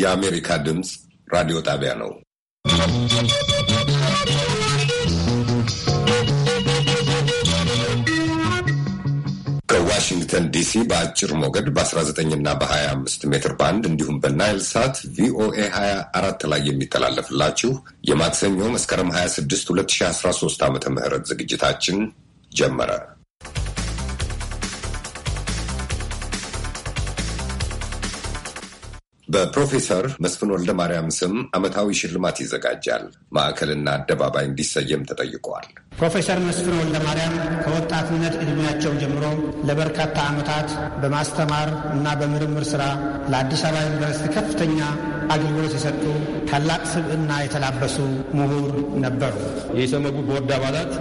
የአሜሪካ ድምፅ ራዲዮ ጣቢያ ነው። ከዋሽንግተን ዲሲ በአጭር ሞገድ በ19 እና በ25 ሜትር ባንድ እንዲሁም በናይል ሳት ቪኦኤ 24 ላይ የሚተላለፍላችሁ የማክሰኞ መስከረም 26 2013 ዓ ም ዝግጅታችን ጀመረ። በፕሮፌሰር መስፍን ወልደ ማርያም ስም ዓመታዊ ሽልማት ይዘጋጃል። ማዕከልና አደባባይ እንዲሰየም ተጠይቀዋል። ፕሮፌሰር መስፍን ወልደ ማርያም ከወጣትነት ዕድሜያቸው ጀምሮ ለበርካታ ዓመታት በማስተማር እና በምርምር ሥራ ለአዲስ አበባ ዩኒቨርሲቲ ከፍተኛ አገልግሎት የሰጡ ታላቅ ስብዕና የተላበሱ ምሁር ነበሩ። የኢሰመጉ ቦርድ አባላት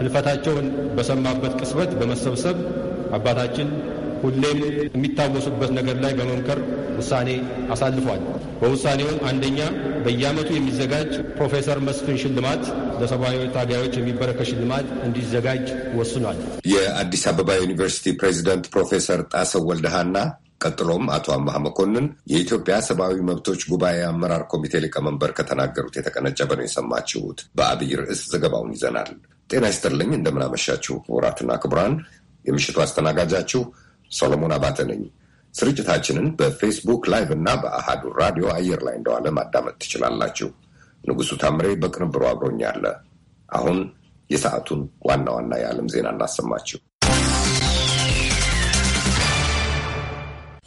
ህልፈታቸውን በሰማበት ቅጽበት በመሰብሰብ አባታችን ሁሌም የሚታወሱበት ነገር ላይ በመምከር ውሳኔ አሳልፏል። በውሳኔውም አንደኛ በየዓመቱ የሚዘጋጅ ፕሮፌሰር መስፍን ሽልማት ለሰብአዊ ታጋዮች የሚበረከት ሽልማት እንዲዘጋጅ ወስኗል። የአዲስ አበባ ዩኒቨርሲቲ ፕሬዚደንት ፕሮፌሰር ጣሰው ወልደሃና ቀጥሎም አቶ አማሃ መኮንን የኢትዮጵያ ሰብአዊ መብቶች ጉባኤ አመራር ኮሚቴ ሊቀመንበር ከተናገሩት የተቀነጨበ ነው የሰማችሁት። በአብይ ርዕስ ዘገባውን ይዘናል። ጤና ይስጥልኝ፣ እንደምናመሻችሁ ክቡራትና ክቡራን። የምሽቱ አስተናጋጃችሁ ሰሎሞን አባተ ነኝ። ስርጭታችንን በፌስቡክ ላይቭ እና በአሃዱ ራዲዮ አየር ላይ እንደዋለ ማዳመጥ ትችላላችሁ። ንጉሱ ታምሬ በቅንብሩ አብሮኛለ። አሁን የሰዓቱን ዋና ዋና የዓለም ዜና እናሰማችሁ።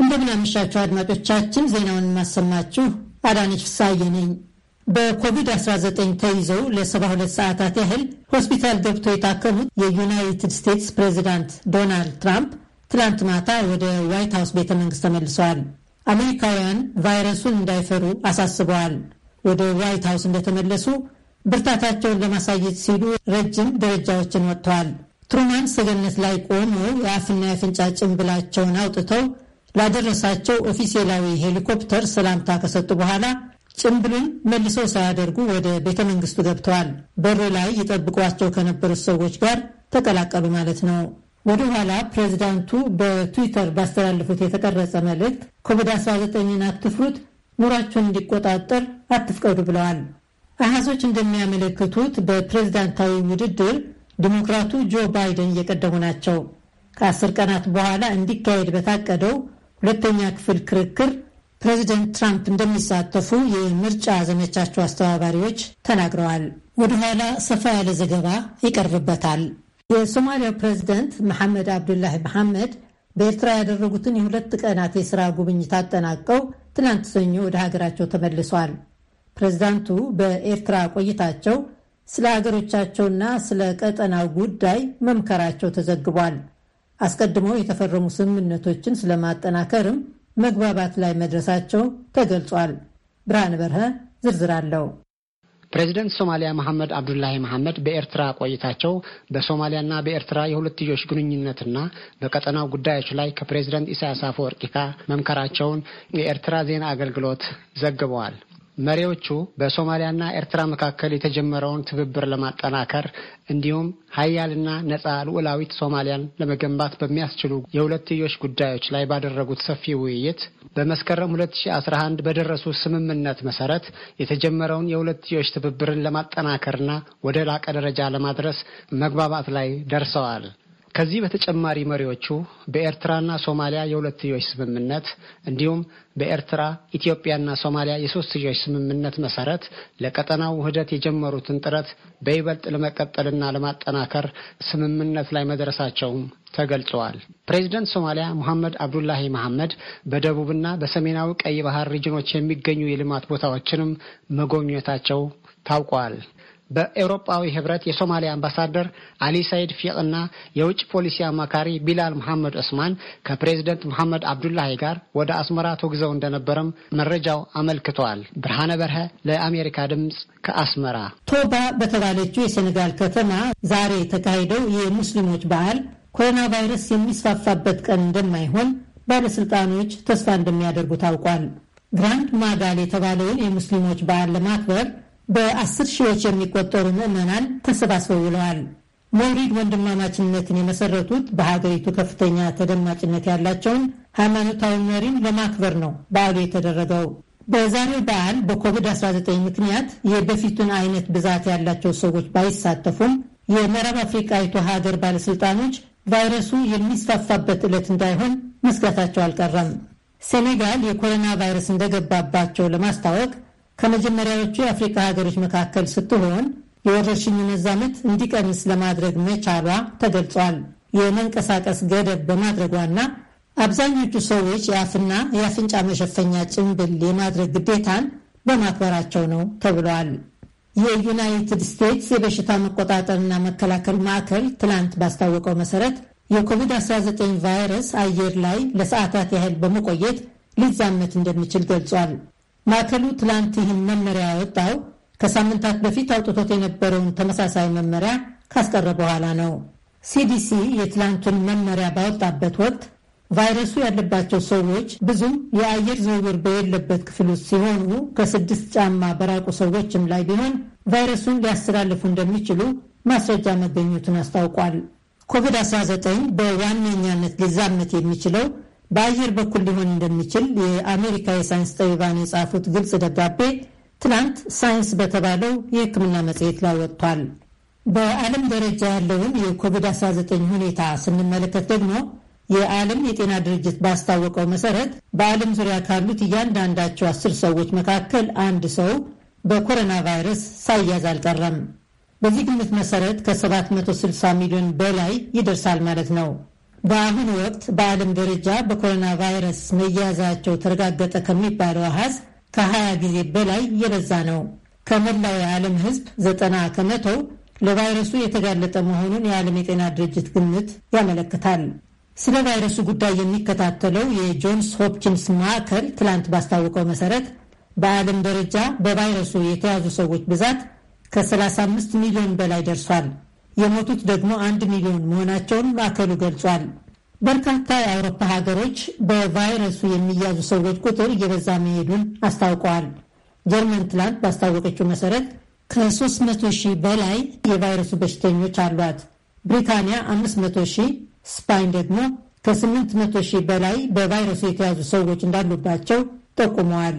እንደምናመሻችሁ አድማጮቻችን፣ ዜናውን የማሰማችሁ አዳነች ፍሳዬ ነኝ። በኮቪድ-19 ተይዘው ለ72 ሰዓታት ያህል ሆስፒታል ገብተው የታከሙት የዩናይትድ ስቴትስ ፕሬዚዳንት ዶናልድ ትራምፕ ትላንት ማታ ወደ ዋይት ሀውስ ቤተ መንግስት ተመልሰዋል። አሜሪካውያን ቫይረሱን እንዳይፈሩ አሳስበዋል። ወደ ዋይት ሀውስ እንደተመለሱ ብርታታቸውን ለማሳየት ሲሉ ረጅም ደረጃዎችን ወጥተዋል። ትሩማን ሰገነት ላይ ቆመው የአፍና የአፍንጫ ጭንብላቸውን አውጥተው ላደረሳቸው ኦፊሴላዊ ሄሊኮፕተር ሰላምታ ከሰጡ በኋላ ጭንብሉን መልሰው ሳያደርጉ ወደ ቤተ መንግስቱ ገብተዋል። በሩ ላይ ይጠብቋቸው ከነበሩት ሰዎች ጋር ተቀላቀሉ ማለት ነው። ወደ ኋላ ፕሬዚዳንቱ በትዊተር ባስተላለፉት የተቀረጸ መልእክት ኮቪድ-19ን አትፍሩት፣ ኑሯችሁን እንዲቆጣጠር አትፍቀዱ ብለዋል። አሃዞች እንደሚያመለክቱት በፕሬዝዳንታዊ ውድድር ዲሞክራቱ ጆ ባይደን እየቀደሙ ናቸው። ከአስር ቀናት በኋላ እንዲካሄድ በታቀደው ሁለተኛ ክፍል ክርክር ፕሬዚደንት ትራምፕ እንደሚሳተፉ የምርጫ ዘመቻቸው አስተባባሪዎች ተናግረዋል። ወደኋላ ሰፋ ያለ ዘገባ ይቀርብበታል። የሶማሊያው ፕሬዚደንት መሐመድ አብዱላሂ መሐመድ በኤርትራ ያደረጉትን የሁለት ቀናት የሥራ ጉብኝት አጠናቀው ትናንት ሰኞ ወደ ሀገራቸው ተመልሷል። ፕሬዚዳንቱ በኤርትራ ቆይታቸው ስለ ሀገሮቻቸውና ስለ ቀጠናው ጉዳይ መምከራቸው ተዘግቧል። አስቀድመው የተፈረሙ ስምምነቶችን ስለማጠናከርም መግባባት ላይ መድረሳቸው ተገልጿል። ብርሃን በርሀ ዝርዝር አለው። ፕሬዚደንት ሶማሊያ መሐመድ አብዱላሂ መሐመድ በኤርትራ ቆይታቸው በሶማሊያና በኤርትራ የሁለትዮሽ ግንኙነትና በቀጠናው ጉዳዮች ላይ ከፕሬዚደንት ኢሳያስ አፈወርቂ ጋር መምከራቸውን የኤርትራ ዜና አገልግሎት ዘግበዋል። መሪዎቹ በሶማሊያና ኤርትራ መካከል የተጀመረውን ትብብር ለማጠናከር እንዲሁም ሀያልና ነጻ ልዑላዊት ሶማሊያን ለመገንባት በሚያስችሉ የሁለትዮሽ ጉዳዮች ላይ ባደረጉት ሰፊ ውይይት በመስከረም 2011 በደረሱ ስምምነት መሰረት የተጀመረውን የሁለትዮሽ ትብብርን ለማጠናከርና ወደ ላቀ ደረጃ ለማድረስ መግባባት ላይ ደርሰዋል። ከዚህ በተጨማሪ መሪዎቹ በኤርትራና ሶማሊያ የሁለትዮሽ ስምምነት እንዲሁም በኤርትራ ኢትዮጵያና ሶማሊያ የሶስትዮሽ ስምምነት መሰረት ለቀጠናው ውህደት የጀመሩትን ጥረት በይበልጥ ለመቀጠልና ለማጠናከር ስምምነት ላይ መድረሳቸውም ተገልጸዋል። ፕሬዚደንት ሶማሊያ ሙሐመድ አብዱላሂ መሐመድ በደቡብና በሰሜናዊ ቀይ ባህር ሪጅኖች የሚገኙ የልማት ቦታዎችንም መጎብኘታቸው ታውቋል። በኤውሮጳዊ ህብረት የሶማሊያ አምባሳደር አሊ ሰይድ ፊቅና የውጭ ፖሊሲ አማካሪ ቢላል መሐመድ ዑስማን ከፕሬዚደንት መሐመድ አብዱላሂ ጋር ወደ አስመራ ተጉዘው እንደነበረም መረጃው አመልክተዋል። ብርሃነ በርሀ ለአሜሪካ ድምፅ ከአስመራ። ቶባ በተባለችው የሴኔጋል ከተማ ዛሬ የተካሄደው የሙስሊሞች በዓል ኮሮና ቫይረስ የሚስፋፋበት ቀን እንደማይሆን ባለስልጣኖች ተስፋ እንደሚያደርጉ ታውቋል። ግራንድ ማጋል የተባለውን የሙስሊሞች በዓል ለማክበር በአስር ሺዎች የሚቆጠሩ ምዕመናን ተሰባስበው ውለዋል። ሞሪድ ወንድማማችነትን የመሰረቱት በሀገሪቱ ከፍተኛ ተደማጭነት ያላቸውን ሃይማኖታዊ መሪን ለማክበር ነው በዓሉ የተደረገው። በዛሬው በዓል በኮቪድ-19 ምክንያት የበፊቱን አይነት ብዛት ያላቸው ሰዎች ባይሳተፉም የምዕራብ አፍሪቃዊቱ ሀገር ባለሥልጣኖች ቫይረሱ የሚስፋፋበት ዕለት እንዳይሆን መስጋታቸው አልቀረም። ሴኔጋል የኮሮና ቫይረስ እንደገባባቸው ለማስታወቅ ከመጀመሪያዎቹ የአፍሪካ ሀገሮች መካከል ስትሆን የወረርሽኙ መዛመት እንዲቀንስ ለማድረግ መቻሏ ተገልጿል። የመንቀሳቀስ ገደብ በማድረጓና አብዛኞቹ ሰዎች የአፍና የአፍንጫ መሸፈኛ ጭንብል የማድረግ ግዴታን በማክበራቸው ነው ተብሏል። የዩናይትድ ስቴትስ የበሽታ መቆጣጠርና መከላከል ማዕከል ትላንት ባስታወቀው መሰረት የኮቪድ-19 ቫይረስ አየር ላይ ለሰዓታት ያህል በመቆየት ሊዛመት እንደሚችል ገልጿል። ማዕከሉ ትላንት ይህን መመሪያ ያወጣው ከሳምንታት በፊት አውጥቶት የነበረውን ተመሳሳይ መመሪያ ካስቀረ በኋላ ነው። ሲዲሲ የትላንቱን መመሪያ ባወጣበት ወቅት ቫይረሱ ያለባቸው ሰዎች ብዙም የአየር ዝውውር በሌለበት ክፍል ውስጥ ሲሆኑ ከስድስት ጫማ በራቁ ሰዎችም ላይ ቢሆን ቫይረሱን ሊያስተላልፉ እንደሚችሉ ማስረጃ መገኘቱን አስታውቋል። ኮቪድ-19 በዋነኛነት ሊዛመት የሚችለው በአየር በኩል ሊሆን እንደሚችል የአሜሪካ የሳይንስ ጠቢባን የጻፉት ግልጽ ደብዳቤ ትናንት ሳይንስ በተባለው የሕክምና መጽሔት ላይ ወጥቷል። በዓለም ደረጃ ያለውን የኮቪድ-19 ሁኔታ ስንመለከት ደግሞ የዓለም የጤና ድርጅት ባስታወቀው መሰረት በዓለም ዙሪያ ካሉት እያንዳንዳቸው አስር ሰዎች መካከል አንድ ሰው በኮሮና ቫይረስ ሳያዝ አልቀረም። በዚህ ግምት መሰረት ከ760 ሚሊዮን በላይ ይደርሳል ማለት ነው። በአሁኑ ወቅት በዓለም ደረጃ በኮሮና ቫይረስ መያዛቸው ተረጋገጠ ከሚባለው አሃዝ ከ20 ጊዜ በላይ የበዛ ነው። ከመላው የዓለም ሕዝብ ዘጠና ከመቶው ለቫይረሱ የተጋለጠ መሆኑን የዓለም የጤና ድርጅት ግምት ያመለክታል። ስለ ቫይረሱ ጉዳይ የሚከታተለው የጆንስ ሆፕኪንስ ማዕከል ትላንት ባስታወቀው መሰረት በዓለም ደረጃ በቫይረሱ የተያዙ ሰዎች ብዛት ከ35 ሚሊዮን በላይ ደርሷል። የሞቱት ደግሞ አንድ ሚሊዮን መሆናቸውን ማዕከሉ ገልጿል። በርካታ የአውሮፓ ሀገሮች በቫይረሱ የሚያዙ ሰዎች ቁጥር እየበዛ መሄዱን አስታውቀዋል። ጀርመን ትላንት ባስታወቀችው መሰረት ከ300 ሺህ በላይ የቫይረሱ በሽተኞች አሏት። ብሪታንያ 500 ሺህ፣ ስፓይን ደግሞ ከ800 ሺህ በላይ በቫይረሱ የተያዙ ሰዎች እንዳሉባቸው ጠቁመዋል።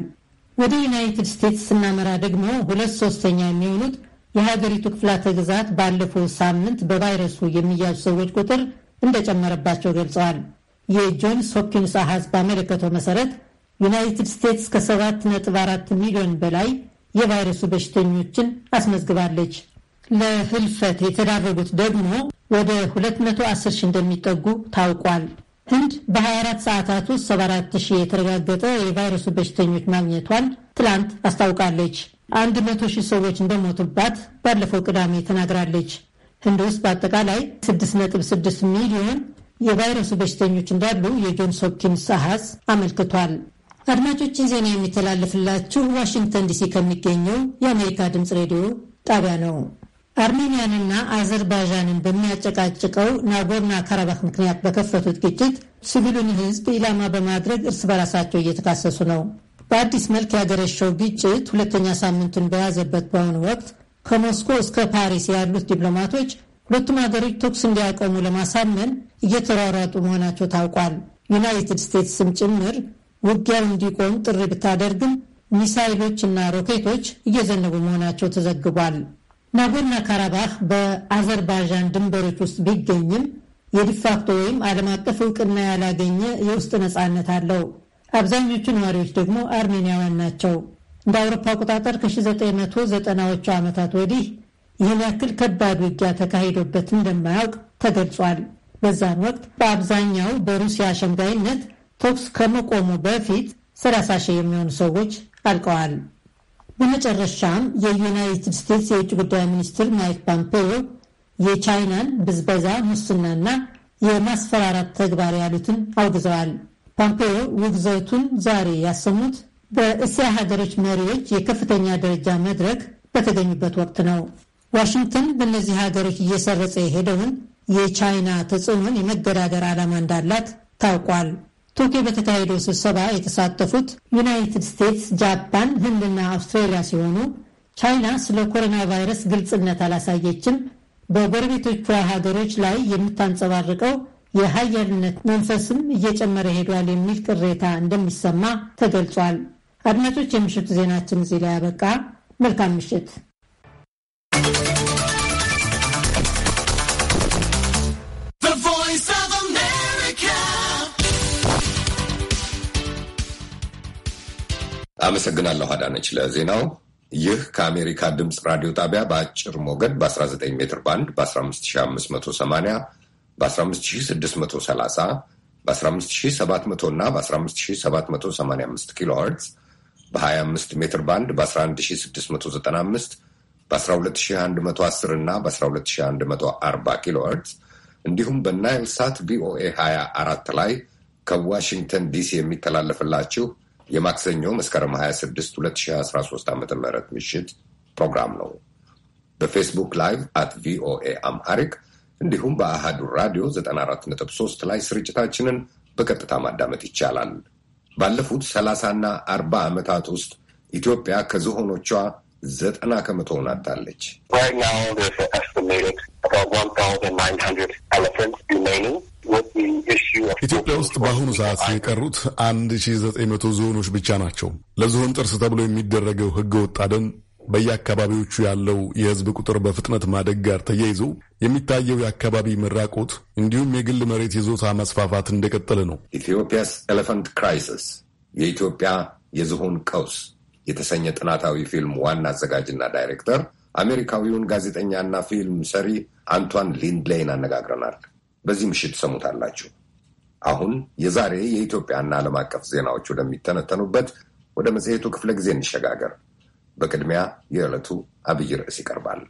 ወደ ዩናይትድ ስቴትስ ስናመራ ደግሞ ሁለት ሶስተኛ የሚሆኑት የሀገሪቱ ክፍላተ ግዛት ባለፈው ሳምንት በቫይረሱ የሚያዙ ሰዎች ቁጥር እንደጨመረባቸው ገልጸዋል። የጆንስ ሆፕኪንስ አሃዝ ባመለከተው መሰረት ዩናይትድ ስቴትስ ከ7.4 ሚሊዮን በላይ የቫይረሱ በሽተኞችን አስመዝግባለች። ለህልፈት የተዳረጉት ደግሞ ወደ 210 ሺህ እንደሚጠጉ ታውቋል። ህንድ በ24 ሰዓታት ውስጥ 74 ሺህ የተረጋገጠ የቫይረሱ በሽተኞች ማግኘቷን ትላንት አስታውቃለች። አንድ መቶ ሺህ ሰዎች እንደሞቱባት ባለፈው ቅዳሜ ተናግራለች። ህንድ ውስጥ በአጠቃላይ 6.6 ሚሊዮን የቫይረሱ በሽተኞች እንዳሉ የጆንስ ሆፕኪንስ አሃዝ አመልክቷል። አድማጮችን ዜና የሚተላለፍላችሁ ዋሽንግተን ዲሲ ከሚገኘው የአሜሪካ ድምፅ ሬዲዮ ጣቢያ ነው። አርሜኒያንና አዘርባይዣንን በሚያጨቃጭቀው ናጎርና ካራባክ ምክንያት በከፈቱት ግጭት ሲቪሉን ህዝብ ኢላማ በማድረግ እርስ በራሳቸው እየተካሰሱ ነው። በአዲስ መልክ ያገረሸው ግጭት ሁለተኛ ሳምንቱን በያዘበት በአሁኑ ወቅት ከሞስኮ እስከ ፓሪስ ያሉት ዲፕሎማቶች ሁለቱም ሀገሮች ተኩስ እንዲያቆሙ ለማሳመን እየተሯሯጡ መሆናቸው ታውቋል። ዩናይትድ ስቴትስም ጭምር ውጊያው እንዲቆም ጥሪ ብታደርግም ሚሳይሎች እና ሮኬቶች እየዘነቡ መሆናቸው ተዘግቧል። ናጎርና ካራባህ በአዘርባይዣን ድንበሮች ውስጥ ቢገኝም የዲፋክቶ ወይም ዓለም አቀፍ እውቅና ያላገኘ የውስጥ ነፃነት አለው። አብዛኞቹ ነዋሪዎች ደግሞ አርሜኒያውያን ናቸው። እንደ አውሮፓ አቆጣጠር ከ1990ዎቹ ዓመታት ወዲህ ይህን ያክል ከባድ ውጊያ ተካሂዶበት እንደማያውቅ ተገልጿል። በዛን ወቅት በአብዛኛው በሩሲያ አሸምጋይነት ተኩስ ከመቆሙ በፊት 30 ሺህ የሚሆኑ ሰዎች አልቀዋል። በመጨረሻም የዩናይትድ ስቴትስ የውጭ ጉዳይ ሚኒስትር ማይክ ፖምፔዮ የቻይናን ብዝበዛ፣ ሙስናና የማስፈራራት ተግባር ያሉትን አውግዘዋል። ፖምፔዮ ውግዘቱን ዛሬ ያሰሙት በእስያ ሀገሮች መሪዎች የከፍተኛ ደረጃ መድረክ በተገኙበት ወቅት ነው። ዋሽንግተን በእነዚህ ሀገሮች እየሰረጸ የሄደውን የቻይና ተጽዕኖን የመገዳደር ዓላማ እንዳላት ታውቋል። ቶኪዮ በተካሄደው ስብሰባ የተሳተፉት ዩናይትድ ስቴትስ፣ ጃፓን፣ ህንድና አውስትራሊያ ሲሆኑ ቻይና ስለ ኮሮና ቫይረስ ግልጽነት አላሳየችም፣ በጎረቤቶቿ ሀገሮች ላይ የምታንጸባርቀው የሀያልነት መንፈስም እየጨመረ ሄዷል የሚል ቅሬታ እንደሚሰማ ተገልጿል። አድማጮች፣ የምሽቱ ዜናችን እዚህ ላይ ያበቃ። መልካም ምሽት። አመሰግናለሁ አዳነች ለዜናው። ይህ ከአሜሪካ ድምፅ ራዲዮ ጣቢያ በአጭር ሞገድ በ19 ሜትር ባንድ በ15580 በ15630 በ15700 እና በ15785 ኪሎ ሄርዝ በ25 ሜትር ባንድ በ11695 በ12110 እና በ12140 ኪሎ ሄርዝ እንዲሁም በናይል ሳት ቪኦኤ 24 ላይ ከዋሽንግተን ዲሲ የሚተላለፍላችሁ የማክሰኞ መስከረም 26 2013 ዓ ም ምሽት ፕሮግራም ነው። በፌስቡክ ላይቭ አት ቪኦኤ አምሃሪክ እንዲሁም በአሃዱ ራዲዮ 94.3 ላይ ስርጭታችንን በቀጥታ ማዳመጥ ይቻላል። ባለፉት 30ና 40 ዓመታት ውስጥ ኢትዮጵያ ከዝሆኖቿ ዘጠና ከመቶውን አጣለች። ኢትዮጵያ ውስጥ በአሁኑ ሰዓት የቀሩት 1900 ዝሆኖች ብቻ ናቸው። ለዝሆን ጥርስ ተብሎ የሚደረገው ህገ ወጥ አደን በየአካባቢዎቹ ያለው የህዝብ ቁጥር በፍጥነት ማደግ ጋር ተያይዞ የሚታየው የአካባቢ መራቆት እንዲሁም የግል መሬት ይዞታ መስፋፋት እንደቀጠለ ነው። ኢትዮጵያስ ኤሌፋንት ክራይሲስ የኢትዮጵያ የዝሆን ቀውስ የተሰኘ ጥናታዊ ፊልም ዋና አዘጋጅና ዳይሬክተር አሜሪካዊውን ጋዜጠኛና ፊልም ሰሪ አንቷን ሊንድሌይን አነጋግረናል። በዚህ ምሽት ሰሙታላችሁ። አሁን የዛሬ የኢትዮጵያና ዓለም አቀፍ ዜናዎች ወደሚተነተኑበት ወደ መጽሔቱ ክፍለ ጊዜ እንሸጋገር። በቅድሚያ የዕለቱ አብይ ርዕስ ይቀርባል።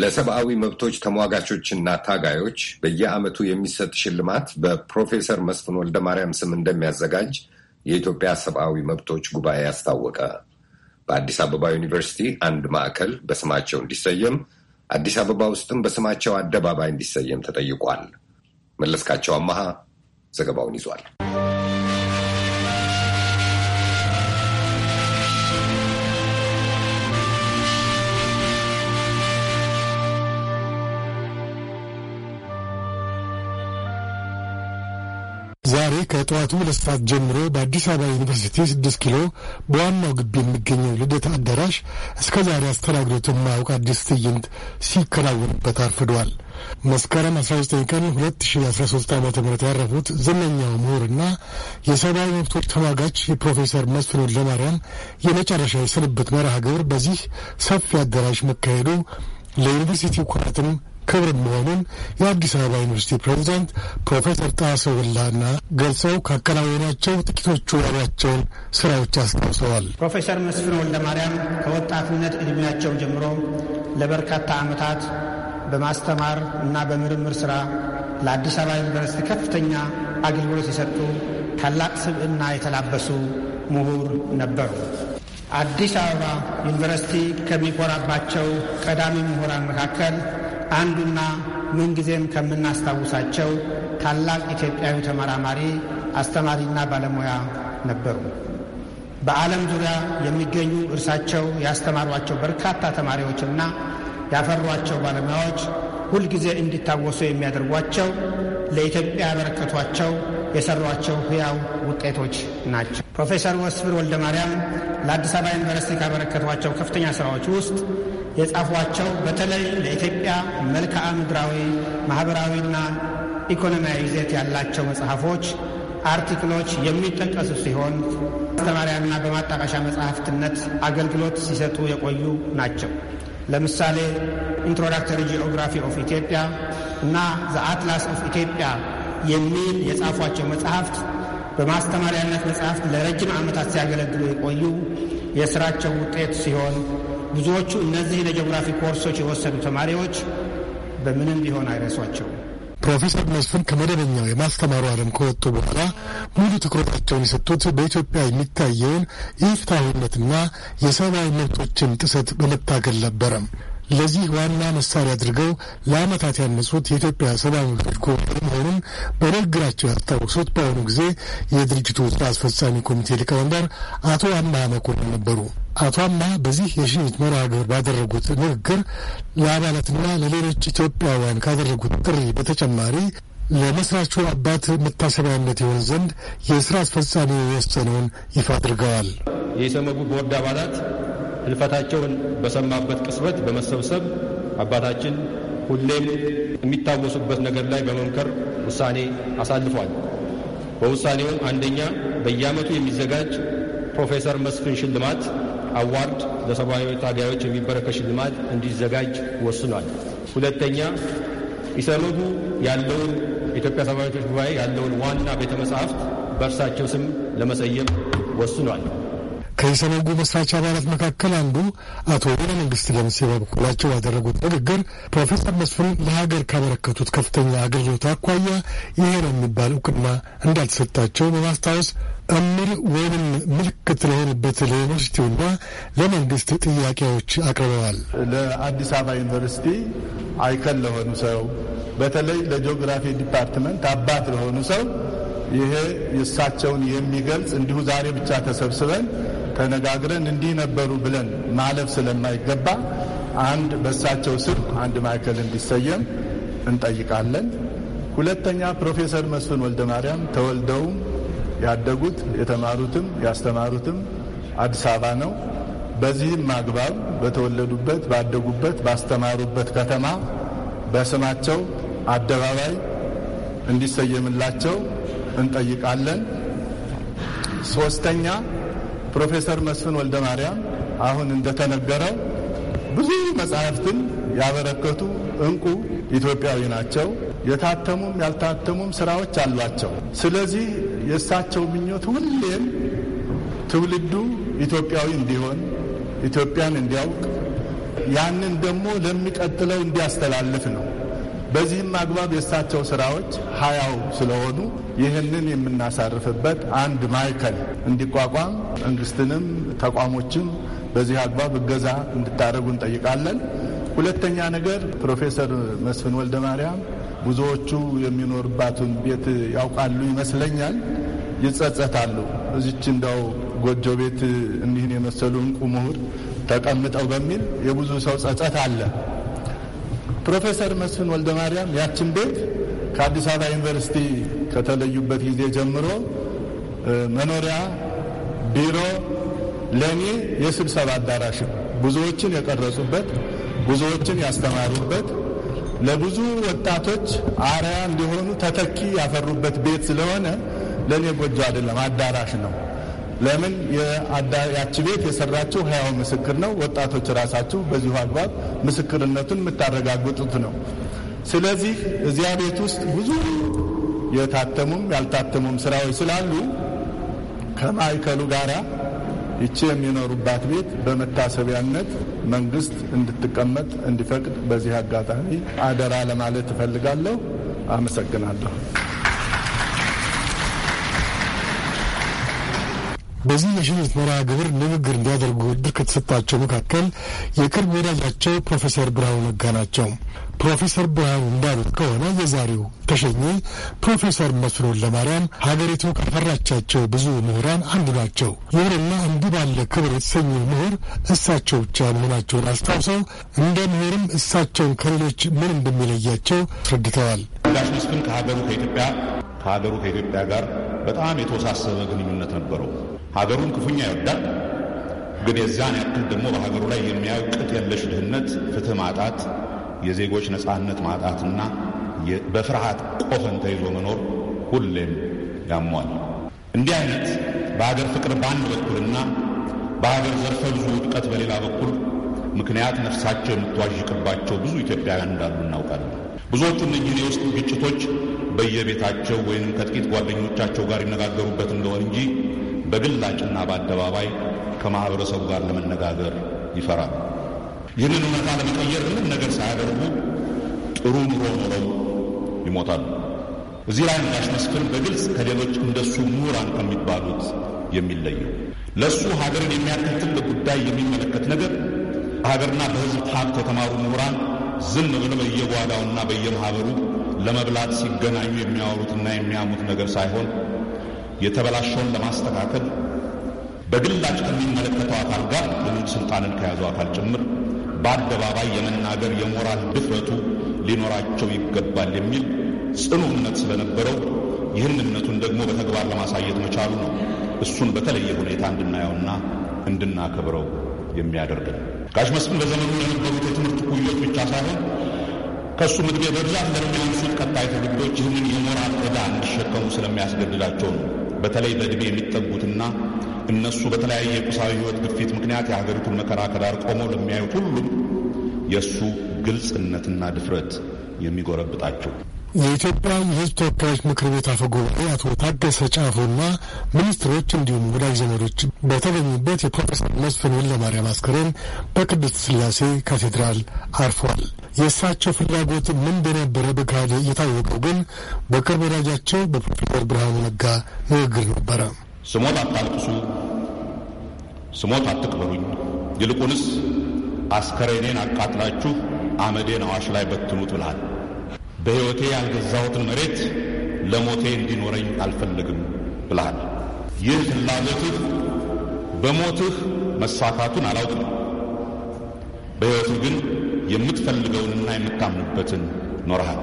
ለሰብአዊ መብቶች ተሟጋቾችና ታጋዮች በየዓመቱ የሚሰጥ ሽልማት በፕሮፌሰር መስፍን ወልደ ማርያም ስም እንደሚያዘጋጅ የኢትዮጵያ ሰብአዊ መብቶች ጉባኤ አስታወቀ። በአዲስ አበባ ዩኒቨርሲቲ አንድ ማዕከል በስማቸው እንዲሰየም፣ አዲስ አበባ ውስጥም በስማቸው አደባባይ እንዲሰየም ተጠይቋል። መለስካቸው አማሃ ዘገባውን ይዟል። ዛሬ ከጠዋቱ ሁለት ሰዓት ጀምሮ በአዲስ አበባ ዩኒቨርሲቲ ስድስት ኪሎ በዋናው ግቢ የሚገኘው ልደት አዳራሽ እስከ ዛሬ አስተናግዶት የማያውቅ አዲስ ትዕይንት ሲከናወንበት አርፍዷል። መስከረም 19 ቀን 2013 ዓ ም ያረፉት ዝነኛው ምሁርና የሰብአዊ መብቶች ተሟጋች የፕሮፌሰር መስፍን ወልደማርያም የመጨረሻ የስንብት መርሃ ግብር በዚህ ሰፊ አዳራሽ መካሄዱ ለዩኒቨርሲቲው ኩራትም ክብር መሆኑን የአዲስ አበባ ዩኒቨርሲቲ ፕሬዚዳንት ፕሮፌሰር ጣሰው ቡላና ገልጸው ካከናወኗቸው ጥቂቶቹ ያሏቸውን ስራዎች አስታውሰዋል። ፕሮፌሰር መስፍን ወልደማርያም ከወጣትነት እድሜያቸው ጀምሮ ለበርካታ ዓመታት በማስተማር እና በምርምር ስራ ለአዲስ አበባ ዩኒቨርሲቲ ከፍተኛ አገልግሎት የሰጡ ታላቅ ስብዕና የተላበሱ ምሁር ነበሩ። አዲስ አበባ ዩኒቨርሲቲ ከሚኮራባቸው ቀዳሚ ምሁራን መካከል አንዱና ምንጊዜም ከምናስታውሳቸው ታላቅ ኢትዮጵያዊ ተመራማሪ፣ አስተማሪና ባለሙያ ነበሩ። በዓለም ዙሪያ የሚገኙ እርሳቸው ያስተማሯቸው በርካታ ተማሪዎችና ያፈሯቸው ባለሙያዎች ሁልጊዜ እንዲታወሱ የሚያደርጓቸው ለኢትዮጵያ ያበረከቷቸው የሰሯቸው ሕያው ውጤቶች ናቸው። ፕሮፌሰር ወስብር ወልደ ማርያም ለአዲስ አበባ ዩኒቨርሲቲ ካበረከቷቸው ከፍተኛ ስራዎች ውስጥ የጻፏቸው በተለይ ለኢትዮጵያ መልክዓ ምድራዊ ማኅበራዊና ኢኮኖሚያዊ ይዘት ያላቸው መጽሐፎች፣ አርቲክሎች የሚጠቀሱ ሲሆን ማስተማሪያና በማጣቀሻ መጽሐፍትነት አገልግሎት ሲሰጡ የቆዩ ናቸው። ለምሳሌ ኢንትሮዳክተሪ ጂኦግራፊ ኦፍ ኢትዮጵያ እና ዘ አትላስ ኦፍ ኢትዮጵያ የሚል የጻፏቸው መጽሐፍት በማስተማሪያነት መጽሐፍት ለረጅም ዓመታት ሲያገለግሉ የቆዩ የሥራቸው ውጤት ሲሆን ብዙዎቹ እነዚህን የጂኦግራፊ ኮርሶች የወሰዱ ተማሪዎች በምንም ቢሆን አይረሷቸው። ፕሮፌሰር መስፍን ከመደበኛው የማስተማሩ ዓለም ከወጡ በኋላ ሙሉ ትኩረታቸውን የሰጡት በኢትዮጵያ የሚታየውን የፍትሐዊነትና የሰብአዊ መብቶችን ጥሰት በመታገል ነበረም። ለዚህ ዋና መሳሪያ አድርገው ለአመታት ያነጹት የኢትዮጵያ ሰብአዊ መብቶች ኮሚሽን መሆኑን በንግግራቸው ያስታወሱት በአሁኑ ጊዜ የድርጅቱ ስራ አስፈጻሚ ኮሚቴ ሊቀመንበር አቶ አማ መኮንን ነበሩ። አቶ አማ በዚህ የሽኝት መርሃ ግብር ባደረጉት ንግግር ለአባላትና ለሌሎች ኢትዮጵያውያን ካደረጉት ጥሪ በተጨማሪ ለመስራቹ አባት መታሰቢያነት ይሆን ዘንድ የስራ አስፈጻሚ የወሰነውን ይፋ አድርገዋል። የኢሰመጉ ቦርድ አባላት ህልፈታቸውን በሰማበት ቅጽበት በመሰብሰብ አባታችን ሁሌም የሚታወሱበት ነገር ላይ በመምከር ውሳኔ አሳልፏል። በውሳኔውም አንደኛ በየዓመቱ የሚዘጋጅ ፕሮፌሰር መስፍን ሽልማት አዋርድ ለሰብአዊ ታጋዮች የሚበረከት ሽልማት እንዲዘጋጅ ወስኗል። ሁለተኛ ኢሰመጉ ያለውን የኢትዮጵያ ሰብአዊ መብቶች ጉባኤ ያለውን ዋና ቤተ መጻሕፍት በእርሳቸው ስም ለመሰየም ወስኗል። ከኢሰመጉ መስራች አባላት መካከል አንዱ አቶ ወደ መንግስት ለምሴ በበኩላቸው ያደረጉት ንግግር ፕሮፌሰር መስፍን ለሀገር ካበረከቱት ከፍተኛ አገልግሎት አኳያ ይሄ ነው የሚባል እውቅና እንዳልተሰጣቸው በማስታወስ እምር ወይንም ምልክት ለሆንበት ለዩኒቨርሲቲውና ለመንግስት ጥያቄዎች አቅርበዋል። ለአዲስ አበባ ዩኒቨርሲቲ አይከል ለሆኑ ሰው በተለይ ለጂኦግራፊ ዲፓርትመንት አባት ለሆኑ ሰው ይሄ የእሳቸውን የሚገልጽ እንዲሁ ዛሬ ብቻ ተሰብስበን ተነጋግረን እንዲህ ነበሩ ብለን ማለፍ ስለማይገባ አንድ በሳቸው ስር አንድ ማዕከል እንዲሰየም እንጠይቃለን። ሁለተኛ ፕሮፌሰር መስፍን ወልደ ማርያም ተወልደውም ያደጉት የተማሩትም ያስተማሩትም አዲስ አበባ ነው። በዚህም አግባብ በተወለዱበት ባደጉበት ባስተማሩበት ከተማ በስማቸው አደባባይ እንዲሰየምላቸው እንጠይቃለን። ሶስተኛ ፕሮፌሰር መስፍን ወልደ ማርያም አሁን እንደተነገረው ብዙ መጻሕፍትን ያበረከቱ እንቁ ኢትዮጵያዊ ናቸው። የታተሙም ያልታተሙም ስራዎች አሏቸው። ስለዚህ የእሳቸው ምኞት ሁሌም ትውልዱ ኢትዮጵያዊ እንዲሆን፣ ኢትዮጵያን እንዲያውቅ፣ ያንን ደግሞ ለሚቀጥለው እንዲያስተላልፍ ነው። በዚህም አግባብ የእሳቸው ስራዎች ሀያው ስለሆኑ ይህንን የምናሳርፍበት አንድ ማዕከል እንዲቋቋም መንግስትንም ተቋሞችም በዚህ አግባብ እገዛ እንድታደርጉ እንጠይቃለን። ሁለተኛ ነገር ፕሮፌሰር መስፍን ወልደ ማርያም ብዙዎቹ የሚኖርባትን ቤት ያውቃሉ ይመስለኛል፣ ይጸጸታሉ። እዚች እንደው ጎጆ ቤት እኒህን የመሰሉ እንቁ ምሁር ተቀምጠው በሚል የብዙ ሰው ጸጸት አለ። ፕሮፌሰር መስፍን ወልደ ማርያም ያችን ቤት ከአዲስ አበባ ዩኒቨርሲቲ ከተለዩበት ጊዜ ጀምሮ መኖሪያ፣ ቢሮ ለእኔ የስብሰባ አዳራሽ ብዙዎችን የቀረጹበት ብዙዎችን ያስተማሩበት ለብዙ ወጣቶች አርያ እንዲሆኑ ተተኪ ያፈሩበት ቤት ስለሆነ ለእኔ ጎጆ አይደለም፣ አዳራሽ ነው። ለምን ያቺ ቤት የሰራችው ህያው ምስክር ነው። ወጣቶች ራሳችሁ በዚሁ አግባብ ምስክርነቱን የምታረጋግጡት ነው። ስለዚህ እዚያ ቤት ውስጥ ብዙ የታተሙም ያልታተሙም ስራዎች ስላሉ ከማዕከሉ ጋር ይቺ የሚኖሩባት ቤት በመታሰቢያነት መንግስት እንድትቀመጥ እንዲፈቅድ በዚህ አጋጣሚ አደራ ለማለት እፈልጋለሁ። አመሰግናለሁ። በዚህ የሽኝት መርሃ ግብር ንግግር እንዲያደርጉ ዕድል ከተሰጣቸው መካከል የቅርብ ወዳጃቸው ፕሮፌሰር ብርሃኑ ነጋ ናቸው። ፕሮፌሰር ብርሃኑ እንዳሉት ከሆነ የዛሬው ተሸኚ ፕሮፌሰር መስፍን ለማርያም ሀገሪቱ ካፈራቻቸው ብዙ ምሁራን አንዱ ናቸው። ይሁንና እንዲህ ባለ ክብር የተሰኙ ምሁር እሳቸው ብቻ መሆናቸውን አስታውሰው እንደ ምሁርም እሳቸውን ከሌሎች ምን እንደሚለያቸው አስረድተዋል። ዳሽ መስፍን ከሀገሩ ከኢትዮጵያ ከሀገሩ ከኢትዮጵያ ጋር በጣም የተወሳሰበ ግንኙነት ነበረው። ሀገሩን ክፉኛ ይወዳል። ግን የዛን ያክል ደግሞ በሀገሩ ላይ የሚያውቅት የለሽ ድህነት፣ ፍትህ ማጣት፣ የዜጎች ነጻነት ማጣትና በፍርሃት ቆፈን ተይዞ መኖር ሁሌም ያሟል። እንዲህ አይነት በሀገር ፍቅር በአንድ በኩልና በሀገር ዘርፈ ብዙ ውድቀት በሌላ በኩል ምክንያት ነፍሳቸው የምትዋዥቅባቸው ብዙ ኢትዮጵያውያን እንዳሉ እናውቃለን። ብዙዎቹ እነዚህን የውስጥ ግጭቶች በየቤታቸው ወይም ከጥቂት ጓደኞቻቸው ጋር ይነጋገሩበት እንደሆን እንጂ በግላጭና በአደባባይ ከማህበረሰቡ ጋር ለመነጋገር ይፈራሉ። ይህንን እውነታ ለመቀየር ምንም ነገር ሳያደርጉ ጥሩ ኑሮ ኖረው ይሞታሉ። እዚህ ላይ ጋሽ መስፍን በግልጽ ከሌሎች እንደሱ ምሁራን ከሚባሉት የሚለየው ለእሱ ሀገርን የሚያክል ትልቅ ጉዳይ የሚመለከት ነገር በሀገርና በሕዝብ ሀብት የተማሩ ምሁራን ዝም ብለው በየጓዳውና በየማኅበሩ ለመብላት ሲገናኙ የሚያወሩትና የሚያሙት ነገር ሳይሆን የተበላሸውን ለማስተካከል በግላጭ ከሚመለከተው አካል ጋር ምንም ስልጣንን ከያዘው አካል ጭምር በአደባባይ የመናገር የሞራል ድፍረቱ ሊኖራቸው ይገባል የሚል ጽኑ እምነት ስለነበረው ይህን እምነቱን ደግሞ በተግባር ለማሳየት መቻሉ ነው እሱን በተለየ ሁኔታ እንድናየውና እንድናከብረው ነው። ጋሽ መስፍን በዘመኑ የነበሩት የትምህርት ኩዮች ብቻ ሳይሆን ከእሱ ምድቤ በብዛት ለሚያንሱት ቀጣይ ትውልዶች ይህንን የሞራል ዕዳ እንዲሸከሙ ስለሚያስገድዳቸው ነው። በተለይ በእድሜ የሚጠጉትና እነሱ በተለያየ የቁሳዊ ህይወት ግፊት ምክንያት የሀገሪቱን መከራ ከዳር ቆመው ለሚያዩት ሁሉም የእሱ ግልጽነትና ድፍረት የሚጎረብጣቸው የኢትዮጵያ የሕዝብ ተወካዮች ምክር ቤት አፈ ጉባኤ አቶ ታገሰ ጫፉና ሚኒስትሮች እንዲሁም ወዳጅ ዘመዶች በተገኙበት የፕሮፌሰር መስፍን ወልደማርያም አስከሬን በቅድስት ስላሴ ካቴድራል አርፏል። የእሳቸው ፍላጎት ምን እንደነበረ በገሃድ የታወቀው ግን በቅርብ ወዳጃቸው በፕሮፌሰር ብርሃኑ ነጋ ንግግር ነበረ። ስሞት አታልቅሱ፣ ስሞት አትቅበሩኝ፣ ይልቁንስ አስከሬኔን አቃጥላችሁ አመዴን አዋሽ ላይ በትኑት ብልሃል በሕይወቴ ያልገዛሁትን መሬት ለሞቴ እንዲኖረኝ አልፈልግም ብለሃል። ይህ ፍላጎትህ በሞትህ መሳካቱን አላውቅም። በሕይወትህ ግን የምትፈልገውንና የምታምንበትን ኖረሃል።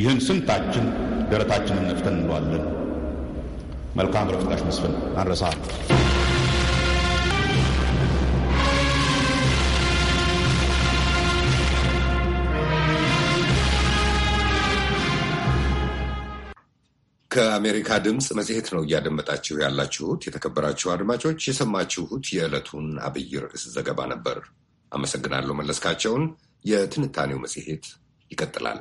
ይህን ስንታችን ደረታችንን ነፍተን እንለዋለን? መልካም ረፍቃሽ መስፍን አንረሳ። ከአሜሪካ ድምፅ መጽሔት ነው እያደመጣችሁ ያላችሁት። የተከበራችሁ አድማጮች የሰማችሁት የዕለቱን አብይ ርዕስ ዘገባ ነበር። አመሰግናለሁ መለስካቸውን። የትንታኔው መጽሔት ይቀጥላል።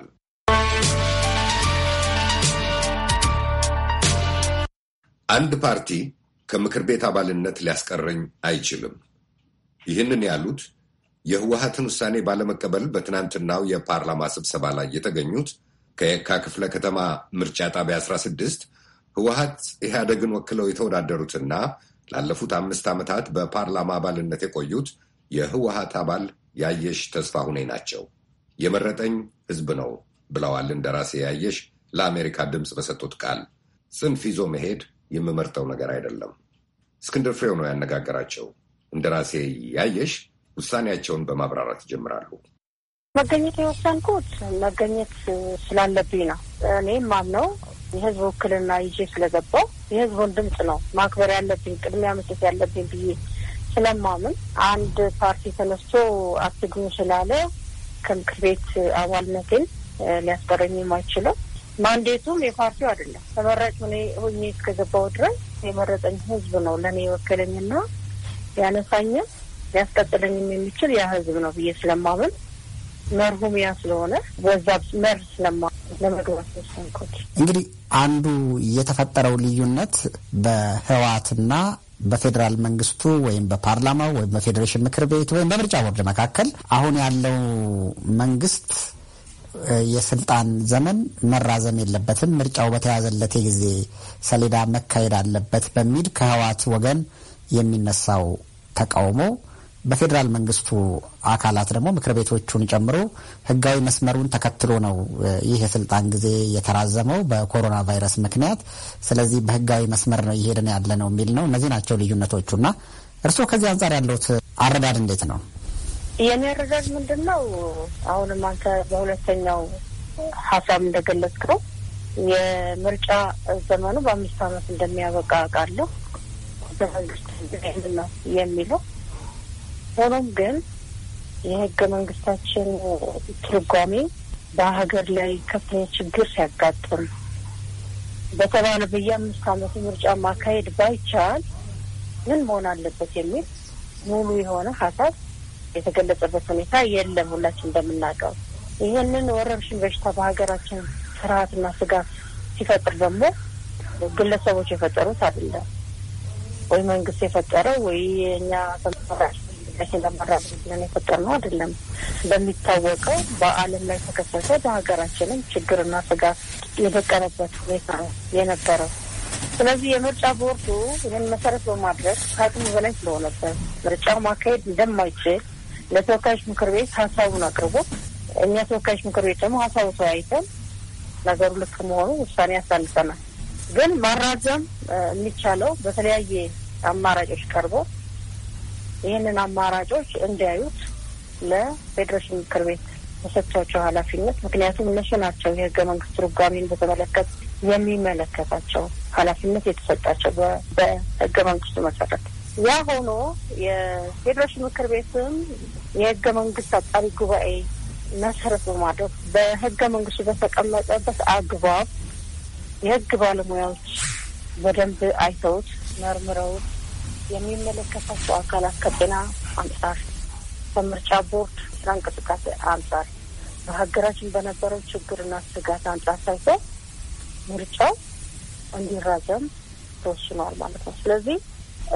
አንድ ፓርቲ ከምክር ቤት አባልነት ሊያስቀረኝ አይችልም። ይህንን ያሉት የህወሀትን ውሳኔ ባለመቀበል በትናንትናው የፓርላማ ስብሰባ ላይ የተገኙት ከየካ ክፍለ ከተማ ምርጫ ጣቢያ 16 ህወሀት ኢህአደግን ወክለው የተወዳደሩትና ላለፉት አምስት ዓመታት በፓርላማ አባልነት የቆዩት የህወሀት አባል ያየሽ ተስፋ ሁኔ ናቸው። የመረጠኝ ህዝብ ነው ብለዋል እንደራሴ ያየሽ ለአሜሪካ ድምፅ በሰጡት ቃል። ጽንፍ ይዞ መሄድ የምመርጠው ነገር አይደለም። እስክንድር ፍሬው ነው ያነጋገራቸው። እንደራሴ ያየሽ ውሳኔያቸውን በማብራራት ይጀምራሉ። መገኘት የወሰንኩት መገኘት ስላለብኝ ነው። እኔ ማምነው የህዝብ ውክልና ይዤ ስለገባው የህዝቡን ድምፅ ነው ማክበር ያለብኝ ቅድሚያ መስጠት ያለብኝ ብዬ ስለማምን አንድ ፓርቲ ተነስቶ አትግኙ ስላለ ከምክር ቤት አባልነቴን ሊያስቀረኝ የማይችለው ማንዴቱም የፓርቲው አይደለም። ተመራጭ ሁኔ ሆኜ እስከገባው ድረስ የመረጠኝ ህዝብ ነው ለእኔ የወከለኝና ያነሳኝም ሊያስቀጥለኝም የሚችል ያ ህዝብ ነው ብዬ ስለማምን መርሁሚያ ስለሆነ በዛ መር ስለማ ለመግባት ወሰንኩት። እንግዲህ አንዱ የተፈጠረው ልዩነት በህወሓትና በፌዴራል መንግስቱ ወይም በፓርላማው ወይም በፌዴሬሽን ምክር ቤት ወይም በምርጫ ቦርድ መካከል አሁን ያለው መንግስት የስልጣን ዘመን መራዘም የለበትም፣ ምርጫው በተያዘለት የጊዜ ሰሌዳ መካሄድ አለበት በሚል ከህወሓት ወገን የሚነሳው ተቃውሞ በፌዴራል መንግስቱ አካላት ደግሞ ምክር ቤቶቹን ጨምሮ ህጋዊ መስመሩን ተከትሎ ነው ይህ የስልጣን ጊዜ የተራዘመው በኮሮና ቫይረስ ምክንያት። ስለዚህ በህጋዊ መስመር ነው እየሄድን ያለ ነው የሚል ነው። እነዚህ ናቸው እና እርስዎ ከዚህ አንጻር ያለውት አረዳድ እንዴት ነው? የኔ አረዳድ ምንድን ነው? አሁንም አንተ በሁለተኛው ሀሳብ እንደገለጽከው የምርጫ ዘመኑ በአምስት አመት እንደሚያበቃ አውቃለሁ። በመንግስት ነው የሚለው ሆኖም ግን የህገ መንግስታችን ትርጓሜ በሀገር ላይ ከፍተኛ ችግር ሲያጋጥም በተባለ በየአምስት አመቱ ምርጫ ማካሄድ ባይቻል ምን መሆን አለበት የሚል ሙሉ የሆነ ሀሳብ የተገለጸበት ሁኔታ የለም። ሁላችን እንደምናውቀው ይህንን ወረርሽኝ በሽታ በሀገራችን ፍርሃትና ስጋት ሲፈጥር ደግሞ ግለሰቦች የፈጠሩት አይደለም ወይ መንግስት የፈጠረው ወይ የእኛ ተመራጭ ራሳችን ለማራመድ ብለን ነው አይደለም። በሚታወቀው በዓለም ላይ ተከሰተ በሀገራችንም ችግርና ስጋት የደቀነበት ሁኔታ ነው የነበረው። ስለዚህ የምርጫ ቦርዱ ይህን መሰረት በማድረግ ከአቅሙ በላይ ስለሆነበት ምርጫው ማካሄድ እንደማይችል ለተወካዮች ምክር ቤት ሀሳቡን አቅርቦ እኛ ተወካዮች ምክር ቤት ደግሞ ሀሳቡ ተወያይተን ነገሩ ልክ መሆኑ ውሳኔ ያሳልፈናል። ግን ማራዘም የሚቻለው በተለያየ አማራጮች ቀርቦ ይህንን አማራጮች እንዲያዩት ለፌዴሬሽን ምክር ቤት ተሰጥቷቸው ኃላፊነት ምክንያቱም እነሱ ናቸው የህገ መንግስት ትርጓሜን በተመለከት የሚመለከታቸው ኃላፊነት የተሰጣቸው በህገ መንግስቱ መሰረት። ያ ሆኖ የፌዴሬሽን ምክር ቤትም የህገ መንግስት አጣሪ ጉባኤ መሰረት በማድረግ በህገ መንግስቱ በተቀመጠበት አግባብ የህግ ባለሙያዎች በደንብ አይተውት መርምረውት የሚመለከታቸው አካላት ከጤና አንጻር፣ ከምርጫ ቦርድ ስራ እንቅስቃሴ አንጻር፣ በሀገራችን በነበረው ችግርና ስጋት አንጻር ሳይቶ ምርጫው እንዲራዘም ተወስኗል ማለት ነው። ስለዚህ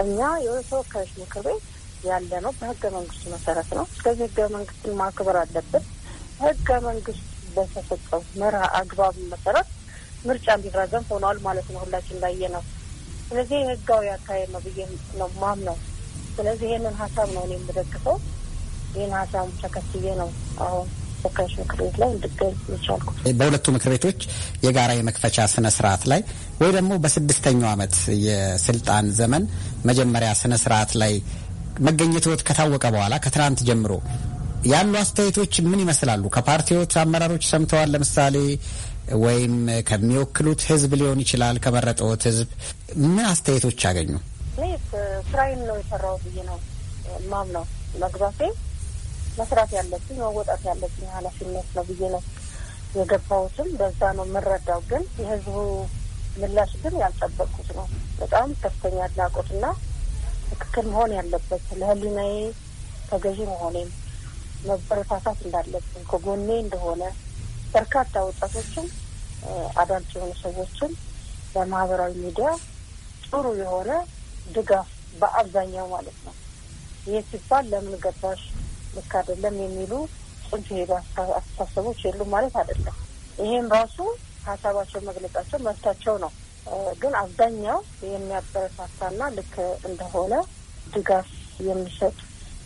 እኛ የተወካዮች ምክር ቤት ያለ ነው በህገ መንግስቱ መሰረት ነው። ስለዚህ ህገ መንግስትን ማክበር አለብን። ህገ መንግስት በተሰጠው መርህ አግባብ መሰረት ምርጫ እንዲራዘም ሆኗል ማለት ነው። ሁላችን ላየ ነው። ስለዚህ ህጋዊ አካሄድ ነው ብዬ ነው ማምነው። ስለዚህ ይህንን ሀሳብ ነው እኔ የምደግፈው። ይህን ሀሳብ ተከትዬ ነው አሁን ተወካዮች ምክር ቤት ላይ እንድገኝ የቻልኩት። በሁለቱ ምክር ቤቶች የጋራ የመክፈቻ ስነ ስርዓት ላይ ወይ ደግሞ በስድስተኛው አመት የስልጣን ዘመን መጀመሪያ ስነ ስርዓት ላይ መገኘት ከታወቀ በኋላ ከትናንት ጀምሮ ያሉ አስተያየቶች ምን ይመስላሉ? ከፓርቲዎች አመራሮች ሰምተዋል። ለምሳሌ ወይም ከሚወክሉት ህዝብ ሊሆን ይችላል ከመረጠውት ህዝብ ምን አስተያየቶች አገኙ? እኔ ስራዬን ነው የሰራው ብዬ ነው ማም ነው መግባቴ መስራት ያለብኝ መወጣት ያለብኝ ኃላፊነት ነው ብዬ ነው የገባሁትም በዛ ነው የምረዳው። ግን የህዝቡ ምላሽ ግን ያልጠበቁት ነው። በጣም ከፍተኛ አድናቆትና ትክክል መሆን ያለበት ለህሊናዬ ተገዢ መሆኔን መበረታታት እንዳለብኝ ከጎኔ እንደሆነ በርካታ ወጣቶችን አዳልት የሆኑ ሰዎችን በማህበራዊ ሚዲያ ጥሩ የሆነ ድጋፍ በአብዛኛው ማለት ነው። ይህ ሲባል ለምን ገባሽ ልክ አይደለም የሚሉ ጽንፍ የሄዱ አስተሳሰቦች የሉም ማለት አይደለም። ይህም ራሱ ሀሳባቸው መግለጻቸው መብታቸው ነው። ግን አብዛኛው የሚያበረታታና ልክ እንደሆነ ድጋፍ የሚሰጥ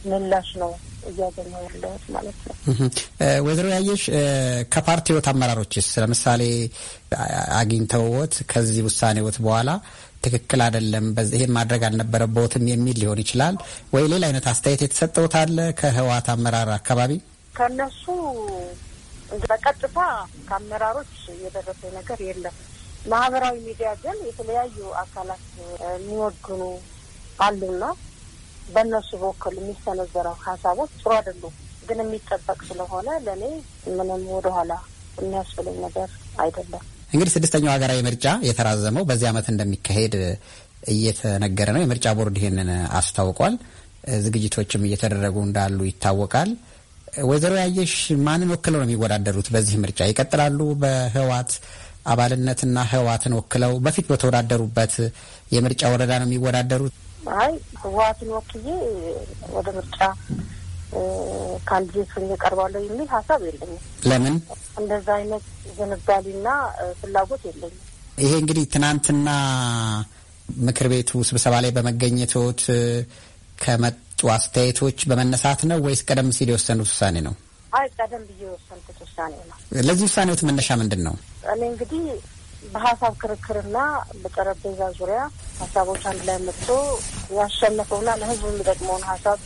ምላሽ ነው እያገኘሁ ያለሁት ማለት ነው። ወይዘሮ ያየሽ ከፓርቲዎት አመራሮችስ ለምሳሌ አግኝተውዎት ከዚህ ውሳኔዎት በኋላ ትክክል አይደለም፣ ይሄን ማድረግ አልነበረበትም የሚል ሊሆን ይችላል ወይ ሌላ አይነት አስተያየት የተሰጠውት አለ? ከህወሓት አመራር አካባቢ ከእነሱ በቀጥታ ከአመራሮች የደረሰ ነገር የለም። ማህበራዊ ሚዲያ ግን የተለያዩ አካላት የሚወግኑ አሉና በእነሱ በኩል የሚሰነዘረው ሀሳቦች ጥሩ አይደሉም፣ ግን የሚጠበቅ ስለሆነ ለእኔ ምንም ወደኋላ የሚያስብለኝ ነገር አይደለም። እንግዲህ ስድስተኛው ሀገራዊ ምርጫ የተራዘመው በዚህ ዓመት እንደሚካሄድ እየተነገረ ነው። የምርጫ ቦርድ ይህንን አስታውቋል። ዝግጅቶችም እየተደረጉ እንዳሉ ይታወቃል። ወይዘሮ ያየሽ ማንን ወክለው ነው የሚወዳደሩት በዚህ ምርጫ? ይቀጥላሉ በህወሓት አባልነትና ህወሓትን ወክለው በፊት በተወዳደሩበት የምርጫ ወረዳ ነው የሚወዳደሩት? አይ ህወሀትን ወክዬ ወደ ምርጫ ካንዲዴት ሆኜ እቀርባለሁ የሚል ሀሳብ የለኝም። ለምን እንደዛ አይነት ዝንባሌና ፍላጎት የለኝም። ይሄ እንግዲህ ትናንትና ምክር ቤቱ ስብሰባ ላይ በመገኘት ከመጡ አስተያየቶች በመነሳት ነው ወይስ ቀደም ሲል የወሰኑት ውሳኔ ነው? አይ ቀደም ብዬ የወሰንኩት ውሳኔ ነው። ለዚህ ውሳኔዎት መነሻ ምንድን ነው? እኔ እንግዲህ በሀሳብ ክርክርና በጠረጴዛ ዙሪያ ሀሳቦች አንድ ላይ መጥቶ ያሸነፈውና ለህዝቡ የሚጠቅመውን ሀሳብ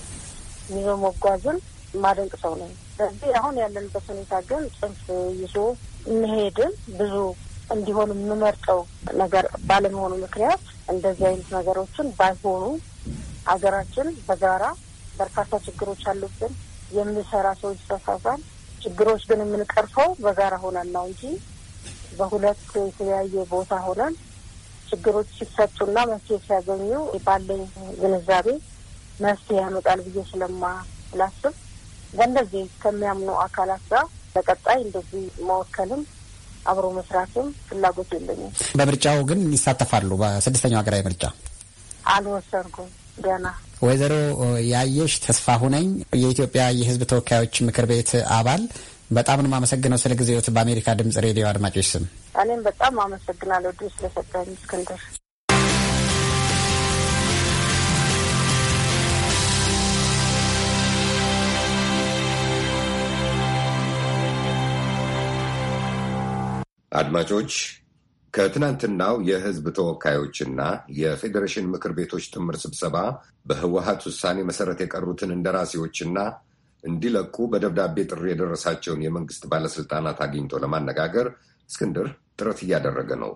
ይዞ መጓዝን ማደንቅ ሰው ነኝ። ስለዚህ አሁን ያለንበት ሁኔታ ግን ጽንፍ ይዞ መሄድን ብዙ እንዲሆን የምመርጠው ነገር ባለመሆኑ ምክንያት እንደዚህ አይነት ነገሮችን ባይሆኑ ሀገራችን በጋራ በርካታ ችግሮች አሉብን። የምንሰራ ሰው ይሳሳታል። ችግሮች ግን የምንቀርፈው በጋራ ሆነን ነው እንጂ በሁለት የተለያየ ቦታ ሆነን ችግሮች ሲፈቱና መፍትሄ ሲያገኙ ባለኝ ግንዛቤ መፍትሄ ያመጣል ብዬ ስለማላስብ በእንደዚህ ከሚያምኑ አካላት ጋር በቀጣይ እንደዚህ መወከልም አብሮ መስራትም ፍላጎት የለኝም። በምርጫው ግን ይሳተፋሉ። በስድስተኛው ሀገራዊ ምርጫ አልወሰንኩም ገና። ወይዘሮ ያየሽ ተስፋ ሁነኝ የኢትዮጵያ የሕዝብ ተወካዮች ምክር ቤት አባል በጣም ነው የማመሰግነው ስለ ጊዜዎት በአሜሪካ ድምጽ ሬዲዮ አድማጮች ስም እኔም በጣም አመሰግናለሁ ድ ስለሰጠኝ እስክንድር። አድማጮች ከትናንትናው የህዝብ ተወካዮችና የፌዴሬሽን ምክር ቤቶች ጥምር ስብሰባ በህወሀት ውሳኔ መሰረት የቀሩትን እንደራሴዎችና እንዲለቁ በደብዳቤ ጥሪ የደረሳቸውን የመንግስት ባለስልጣናት አግኝቶ ለማነጋገር እስክንድር ጥረት እያደረገ ነው።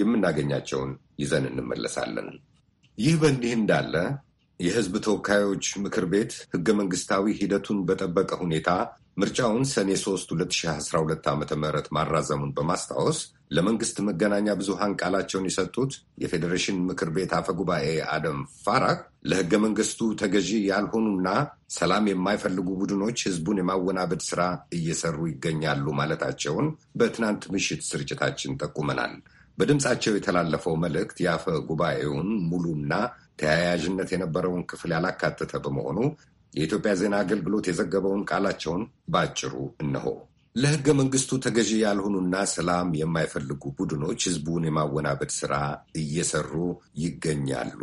የምናገኛቸውን ይዘን እንመለሳለን። ይህ በእንዲህ እንዳለ የህዝብ ተወካዮች ምክር ቤት ህገ መንግስታዊ ሂደቱን በጠበቀ ሁኔታ ምርጫውን ሰኔ 3 2012 ዓ ም ማራዘሙን በማስታወስ ለመንግስት መገናኛ ብዙሃን ቃላቸውን የሰጡት የፌዴሬሽን ምክር ቤት አፈ ጉባኤ አደም ፋራክ ለህገ መንግስቱ ተገዢ ያልሆኑና ሰላም የማይፈልጉ ቡድኖች ህዝቡን የማወናበድ ስራ እየሰሩ ይገኛሉ ማለታቸውን በትናንት ምሽት ስርጭታችን ጠቁመናል። በድምፃቸው የተላለፈው መልእክት የአፈ ጉባኤውን ሙሉና ተያያዥነት የነበረውን ክፍል ያላካተተ በመሆኑ የኢትዮጵያ ዜና አገልግሎት የዘገበውን ቃላቸውን በአጭሩ እነሆ። ለሕገ መንግስቱ ተገዢ ያልሆኑና ሰላም የማይፈልጉ ቡድኖች ህዝቡን የማወናበድ ስራ እየሰሩ ይገኛሉ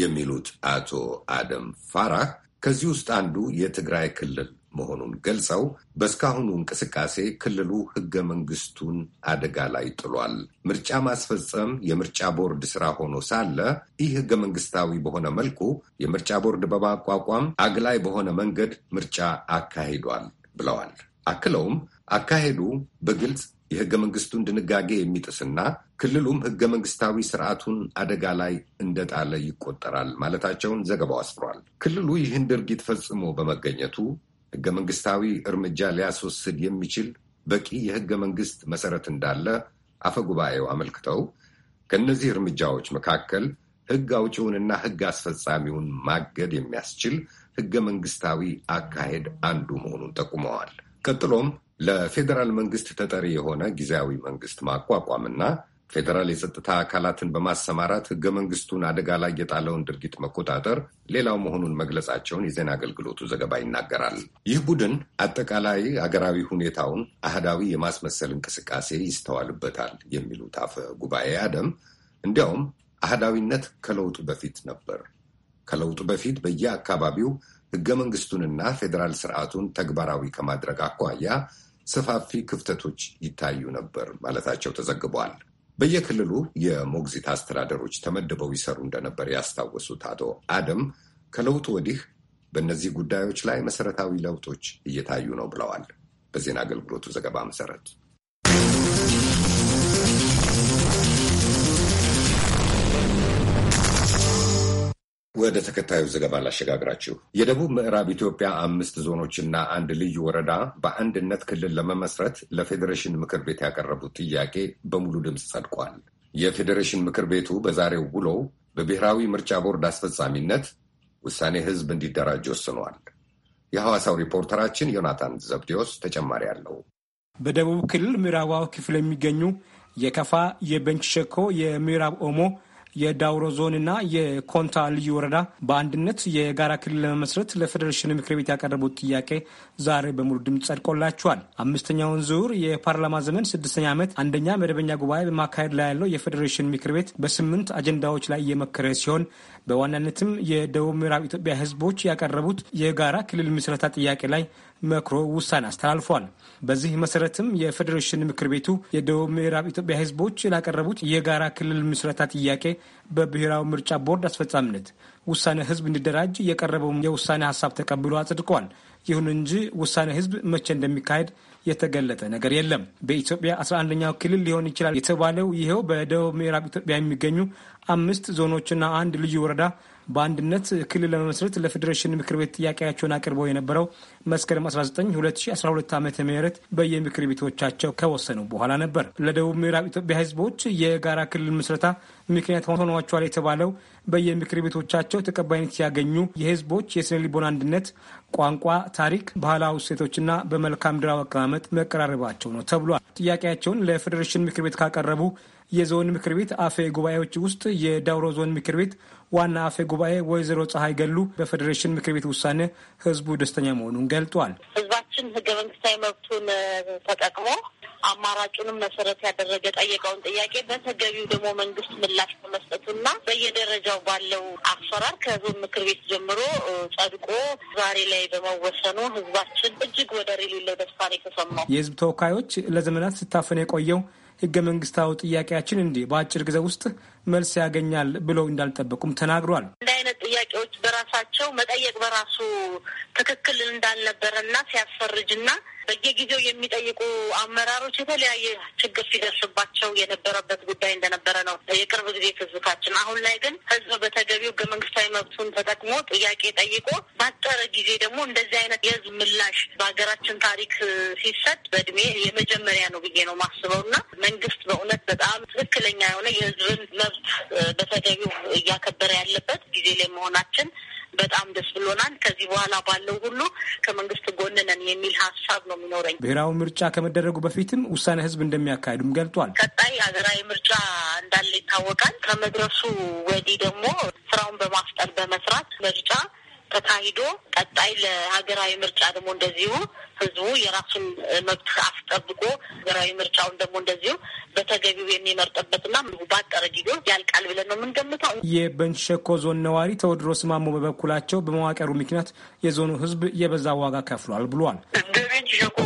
የሚሉት አቶ አደም ፋራህ ከዚህ ውስጥ አንዱ የትግራይ ክልል መሆኑን ገልጸው በእስካሁኑ እንቅስቃሴ ክልሉ ህገ መንግስቱን አደጋ ላይ ጥሏል። ምርጫ ማስፈጸም የምርጫ ቦርድ ስራ ሆኖ ሳለ ይህ ህገ መንግስታዊ በሆነ መልኩ የምርጫ ቦርድ በማቋቋም አግላይ በሆነ መንገድ ምርጫ አካሂዷል ብለዋል። አክለውም አካሄዱ በግልጽ የህገ መንግስቱን ድንጋጌ የሚጥስና ክልሉም ህገ መንግስታዊ ስርዓቱን አደጋ ላይ እንደጣለ ይቆጠራል ማለታቸውን ዘገባው አስፍሯል። ክልሉ ይህን ድርጊት ፈጽሞ በመገኘቱ ህገ መንግስታዊ እርምጃ ሊያስወስድ የሚችል በቂ የህገ መንግስት መሰረት እንዳለ አፈ ጉባኤው አመልክተው ከእነዚህ እርምጃዎች መካከል ህግ አውጪውንና ህግ አስፈጻሚውን ማገድ የሚያስችል ህገ መንግስታዊ አካሄድ አንዱ መሆኑን ጠቁመዋል። ቀጥሎም ለፌዴራል መንግስት ተጠሪ የሆነ ጊዜያዊ መንግስት ማቋቋምና ፌዴራል የጸጥታ አካላትን በማሰማራት ህገ መንግስቱን አደጋ ላይ የጣለውን ድርጊት መቆጣጠር ሌላው መሆኑን መግለጻቸውን የዜና አገልግሎቱ ዘገባ ይናገራል። ይህ ቡድን አጠቃላይ አገራዊ ሁኔታውን አህዳዊ የማስመሰል እንቅስቃሴ ይስተዋልበታል የሚሉት አፈ ጉባኤ አደም እንዲያውም አህዳዊነት ከለውጡ በፊት ነበር። ከለውጡ በፊት በየአካባቢው ህገ መንግስቱንና ፌዴራል ስርዓቱን ተግባራዊ ከማድረግ አኳያ ሰፋፊ ክፍተቶች ይታዩ ነበር ማለታቸው ተዘግቧል። በየክልሉ የሞግዚት አስተዳደሮች ተመድበው ይሰሩ እንደነበር ያስታወሱት አቶ አደም ከለውጡ ወዲህ በእነዚህ ጉዳዮች ላይ መሰረታዊ ለውጦች እየታዩ ነው ብለዋል። በዜና አገልግሎቱ ዘገባ መሰረት ወደ ተከታዩ ዘገባ ላሸጋግራችሁ። የደቡብ ምዕራብ ኢትዮጵያ አምስት ዞኖችና አንድ ልዩ ወረዳ በአንድነት ክልል ለመመስረት ለፌዴሬሽን ምክር ቤት ያቀረቡት ጥያቄ በሙሉ ድምፅ ጸድቋል። የፌዴሬሽን ምክር ቤቱ በዛሬው ውሎ በብሔራዊ ምርጫ ቦርድ አስፈጻሚነት ውሳኔ ሕዝብ እንዲደራጅ ወስኗል። የሐዋሳው ሪፖርተራችን ዮናታን ዘብዴዎስ ተጨማሪ አለው። በደቡብ ክልል ምዕራባዊ ክፍል የሚገኙ የከፋ፣ የቤንች ሸኮ፣ የምዕራብ ኦሞ የዳውሮ ዞንና የኮንታ ልዩ ወረዳ በአንድነት የጋራ ክልል ለመመስረት ለፌዴሬሽን ምክር ቤት ያቀረቡት ጥያቄ ዛሬ በሙሉ ድምፅ ጸድቆላቸዋል። አምስተኛውን ዙር የፓርላማ ዘመን ስድስተኛ ዓመት አንደኛ መደበኛ ጉባኤ በማካሄድ ላይ ያለው የፌዴሬሽን ምክር ቤት በስምንት አጀንዳዎች ላይ እየመከረ ሲሆን በዋናነትም የደቡብ ምዕራብ ኢትዮጵያ ሕዝቦች ያቀረቡት የጋራ ክልል ምስረታ ጥያቄ ላይ መክሮ ውሳኔ አስተላልፏል። በዚህ መሰረትም የፌዴሬሽን ምክር ቤቱ የደቡብ ምዕራብ ኢትዮጵያ ህዝቦች ላቀረቡት የጋራ ክልል ምስረታ ጥያቄ በብሔራዊ ምርጫ ቦርድ አስፈጻሚነት ውሳኔ ህዝብ እንዲደራጅ የቀረበውን የውሳኔ ሀሳብ ተቀብሎ አጽድቋል። ይሁን እንጂ ውሳኔ ህዝብ መቼ እንደሚካሄድ የተገለጠ ነገር የለም። በኢትዮጵያ 11ኛው ክልል ሊሆን ይችላል የተባለው ይኸው በደቡብ ምዕራብ ኢትዮጵያ የሚገኙ አምስት ዞኖችና አንድ ልዩ ወረዳ በአንድነት ክልል ለመመስረት ለፌዴሬሽን ምክር ቤት ጥያቄያቸውን አቅርበው የነበረው መስከረም 19 2012 ዓ ምት በየምክር ቤቶቻቸው ከወሰኑ በኋላ ነበር። ለደቡብ ምዕራብ ኢትዮጵያ ህዝቦች የጋራ ክልል ምስረታ ምክንያት ሆኗቸዋል የተባለው በየምክር ቤቶቻቸው ተቀባይነት ያገኙ የህዝቦች የስነ ልቦና አንድነት ቋንቋ፣ ታሪክ፣ ባህላዊ እሴቶችና በመልካም ድራ አቀማመጥ መቀራረባቸው ነው ተብሏል። ጥያቄያቸውን ለፌዴሬሽን ምክር ቤት ካቀረቡ የዞን ምክር ቤት አፈ ጉባኤዎች ውስጥ የዳውሮ ዞን ምክር ቤት ዋና አፈ ጉባኤ ወይዘሮ ፀሐይ ገሉ በፌዴሬሽን ምክር ቤት ውሳኔ ህዝቡ ደስተኛ መሆኑን ገልጧል። ህዝባችን ህገ መንግስታዊ መብቱን ተጠቅሞ አማራጩንም መሰረት ያደረገ ጠየቀውን ጥያቄ በተገቢው ደግሞ መንግስት ምላሽ በመስጠቱና በየደረጃው ባለው አሰራር ከዞን ምክር ቤት ጀምሮ ጸድቆ ዛሬ ላይ በመወሰኑ ህዝባችን እጅግ ወደር የሌለው ደስታ ነው የተሰማው። የህዝብ ተወካዮች ለዘመናት ስታፈን የቆየው ህገ መንግስታዊ ጥያቄያችን እንዲህ በአጭር ጊዜ ውስጥ መልስ ያገኛል ብለው እንዳልጠበቁም ተናግሯል። እንደ አይነት ጥያቄዎች በራ መጠየቃቸው መጠየቅ በራሱ ትክክል እንዳልነበረና ሲያስፈርጅና በየጊዜው የሚጠይቁ አመራሮች የተለያየ ችግር ሲደርስባቸው የነበረበት ጉዳይ እንደነበረ ነው የቅርብ ጊዜ ትዝታችን። አሁን ላይ ግን ህዝብ በተገቢው ህገ መንግስታዊ መብቱን ተጠቅሞ ጥያቄ ጠይቆ ባጠረ ጊዜ ደግሞ እንደዚህ አይነት የህዝብ ምላሽ በሀገራችን ታሪክ ሲሰጥ በእድሜ የመጀመሪያ ነው ብዬ ነው ማስበው እና መንግስት በእውነት በጣም ትክክለኛ የሆነ የህዝብን መብት በተገቢው እያከበረ ያለበት ጊዜ ላይ መሆናችን በጣም ደስ ብሎናል። ከዚህ በኋላ ባለው ሁሉ ከመንግስት ጎን ነን የሚል ሀሳብ ነው የሚኖረኝ። ብሔራዊ ምርጫ ከመደረጉ በፊትም ውሳኔ ህዝብ እንደሚያካሄዱም ገልጧል። ቀጣይ ሀገራዊ ምርጫ እንዳለ ይታወቃል። ከመድረሱ ወዲህ ደግሞ ስራውን በማፍጠር በመስራት ምርጫ ተካሂዶ ቀጣይ ለሀገራዊ ምርጫ ደግሞ እንደዚሁ ህዝቡ የራሱን መብት አስጠብቆ ሀገራዊ ምርጫውን ደግሞ እንደዚሁ በተገቢው የሚመርጥበትና ባጠረ ጊዜ ያልቃል ብለን ነው የምንገምተው። የቤንች ሸኮ ዞን ነዋሪ ቴዎድሮስ ማሞ በበኩላቸው በመዋቀሩ ምክንያት የዞኑ ህዝብ የበዛ ዋጋ ከፍሏል ብሏል። እንደ ቤንች ሸኮ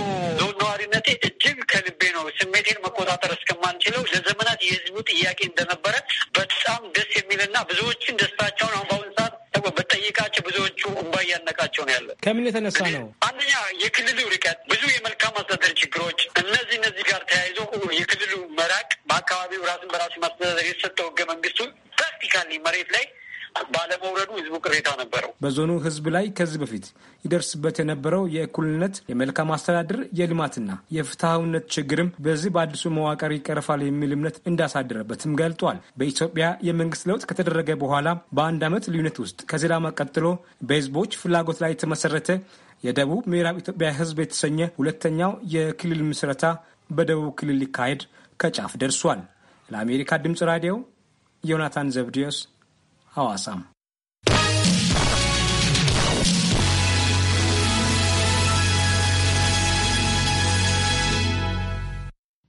ዞን ነዋሪነቴ እጅግ ከልቤ ነው። ስሜቴን መቆጣጠር እስከማንችለው ለዘመናት የህዝቡ ጥያቄ እንደነበረ በጣም ደስ የሚልና ብዙዎችን ደስታቸውን አሁን በአሁኑ ብጠይቃቸው ብዙዎቹ እንባ እያነቃቸው ነው ያለ። ከምን የተነሳ ነው? አንደኛ የክልሉ ርቀት፣ ብዙ የመልካም አስተዳደር ችግሮች፣ እነዚህ እነዚህ ጋር ተያይዞ የክልሉ መራቅ፣ በአካባቢው ራስን በራሱ ማስተዳደር የተሰጠው ህገ መንግስቱ ፕራክቲካሊ መሬት ላይ ባለመውረዱ ህዝቡ ቅሬታ ነበረው። በዞኑ ህዝብ ላይ ከዚህ በፊት ይደርስበት የነበረው የእኩልነት፣ የመልካም አስተዳደር፣ የልማትና የፍትሐዊነት ችግርም በዚህ በአዲሱ መዋቅር ይቀረፋል የሚል እምነት እንዳሳደረበትም ገልጧል። በኢትዮጵያ የመንግስት ለውጥ ከተደረገ በኋላ በአንድ ዓመት ልዩነት ውስጥ ከሲዳማ ቀጥሎ በህዝቦች ፍላጎት ላይ የተመሰረተ የደቡብ ምዕራብ ኢትዮጵያ ህዝብ የተሰኘ ሁለተኛው የክልል ምስረታ በደቡብ ክልል ሊካሄድ ከጫፍ ደርሷል። ለአሜሪካ ድምፅ ራዲዮ ዮናታን ዘብዲዮስ ሐዋሳም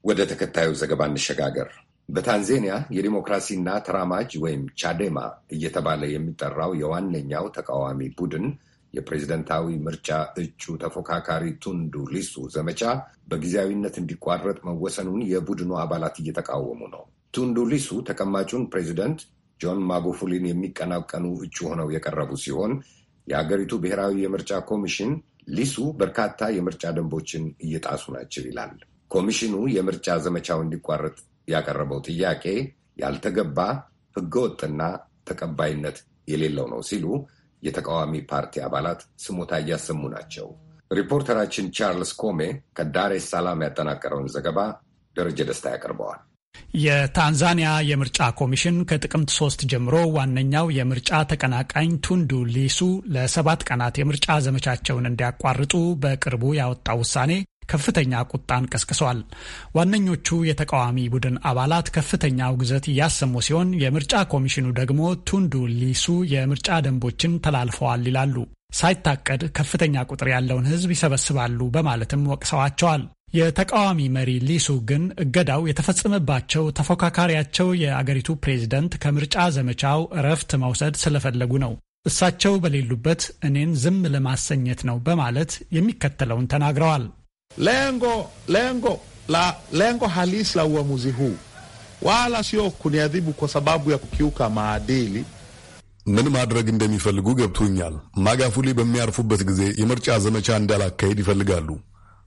ወደ ተከታዩ ዘገባ እንሸጋገር። በታንዜኒያ የዲሞክራሲና ተራማጅ ወይም ቻዴማ እየተባለ የሚጠራው የዋነኛው ተቃዋሚ ቡድን የፕሬዝደንታዊ ምርጫ እጩ ተፎካካሪ ቱንዱ ሊሱ ዘመቻ በጊዜያዊነት እንዲቋረጥ መወሰኑን የቡድኑ አባላት እየተቃወሙ ነው። ቱንዱ ሊሱ ተቀማጩን ፕሬዚደንት ጆን ማጉፉሊን የሚቀናቀኑ እጩ ሆነው የቀረቡ ሲሆን የሀገሪቱ ብሔራዊ የምርጫ ኮሚሽን ሊሱ በርካታ የምርጫ ደንቦችን እየጣሱ ናቸው ይላል። ኮሚሽኑ የምርጫ ዘመቻው እንዲቋረጥ ያቀረበው ጥያቄ ያልተገባ ሕገወጥና ተቀባይነት የሌለው ነው ሲሉ የተቃዋሚ ፓርቲ አባላት ስሞታ እያሰሙ ናቸው። ሪፖርተራችን ቻርልስ ኮሜ ከዳሬ ሰላም ያጠናቀረውን ዘገባ ደረጀ ደስታ ያቀርበዋል። የታንዛኒያ የምርጫ ኮሚሽን ከጥቅምት ሶስት ጀምሮ ዋነኛው የምርጫ ተቀናቃኝ ቱንዱ ሊሱ ለሰባት ቀናት የምርጫ ዘመቻቸውን እንዲያቋርጡ በቅርቡ ያወጣው ውሳኔ ከፍተኛ ቁጣን ቀስቅሷል። ዋነኞቹ የተቃዋሚ ቡድን አባላት ከፍተኛ ውግዘት እያሰሙ ሲሆን፣ የምርጫ ኮሚሽኑ ደግሞ ቱንዱ ሊሱ የምርጫ ደንቦችን ተላልፈዋል ይላሉ። ሳይታቀድ ከፍተኛ ቁጥር ያለውን ሕዝብ ይሰበስባሉ በማለትም ወቅሰዋቸዋል። የተቃዋሚ መሪ ሊሱ ግን እገዳው የተፈጸመባቸው ተፎካካሪያቸው የአገሪቱ ፕሬዝደንት ከምርጫ ዘመቻው እረፍት መውሰድ ስለፈለጉ ነው። እሳቸው በሌሉበት እኔን ዝም ለማሰኘት ነው በማለት የሚከተለውን ተናግረዋል። ሌንጎ ሌንጎ ሌንጎ ሀሊስ huu wala sio kuniadhibu kwa sababu ya ምን ማድረግ እንደሚፈልጉ ገብቶኛል። ማጋፉሊ በሚያርፉበት ጊዜ የምርጫ ዘመቻ እንዳላካሄድ ይፈልጋሉ።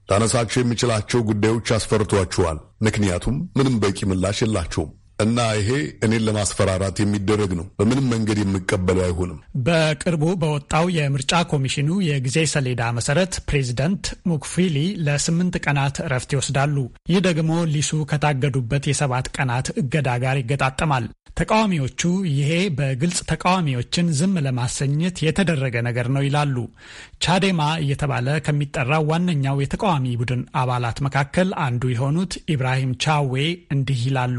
ታነሳቸው የሚችላቸው ጉዳዮች አስፈርቷቸዋል። ምክንያቱም ምንም በቂ ምላሽ የላቸውም። እና ይሄ እኔን ለማስፈራራት የሚደረግ ነው። በምንም መንገድ የምቀበለው አይሆንም። በቅርቡ በወጣው የምርጫ ኮሚሽኑ የጊዜ ሰሌዳ መሰረት ፕሬዚደንት ሙክፊሊ ለስምንት ቀናት እረፍት ይወስዳሉ። ይህ ደግሞ ሊሱ ከታገዱበት የሰባት ቀናት እገዳ ጋር ይገጣጠማል። ተቃዋሚዎቹ ይሄ በግልጽ ተቃዋሚዎችን ዝም ለማሰኘት የተደረገ ነገር ነው ይላሉ። ቻዴማ እየተባለ ከሚጠራው ዋነኛው የተቃዋሚ ቡድን አባላት መካከል አንዱ የሆኑት ኢብራሂም ቻዌ እንዲህ ይላሉ።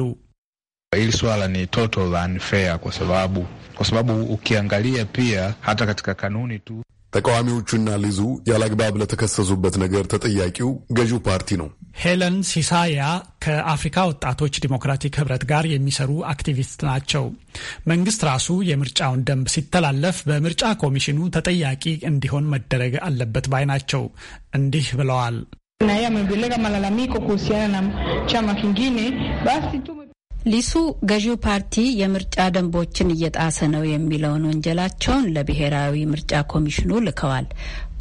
Hili swala ni total unfair kwa sababu kwa sababu ukiangalia pia hata katika kanuni tu ተቃዋሚዎቹና ሊዙ ያለአግባብ ለተከሰሱበት ነገር ተጠያቂው ገዢው ፓርቲ ነው። ሄለን ሲሳያ ከአፍሪካ ወጣቶች ዲሞክራቲክ ህብረት ጋር የሚሰሩ አክቲቪስት ናቸው። መንግስት ራሱ የምርጫውን ደንብ ሲተላለፍ በምርጫ ኮሚሽኑ ተጠያቂ እንዲሆን መደረግ አለበት ባይ ናቸው። እንዲህ ብለዋል። ሊሱ ገዢው ፓርቲ የምርጫ ደንቦችን እየጣሰ ነው የሚለውን ወንጀላቸውን ለብሔራዊ ምርጫ ኮሚሽኑ ልከዋል።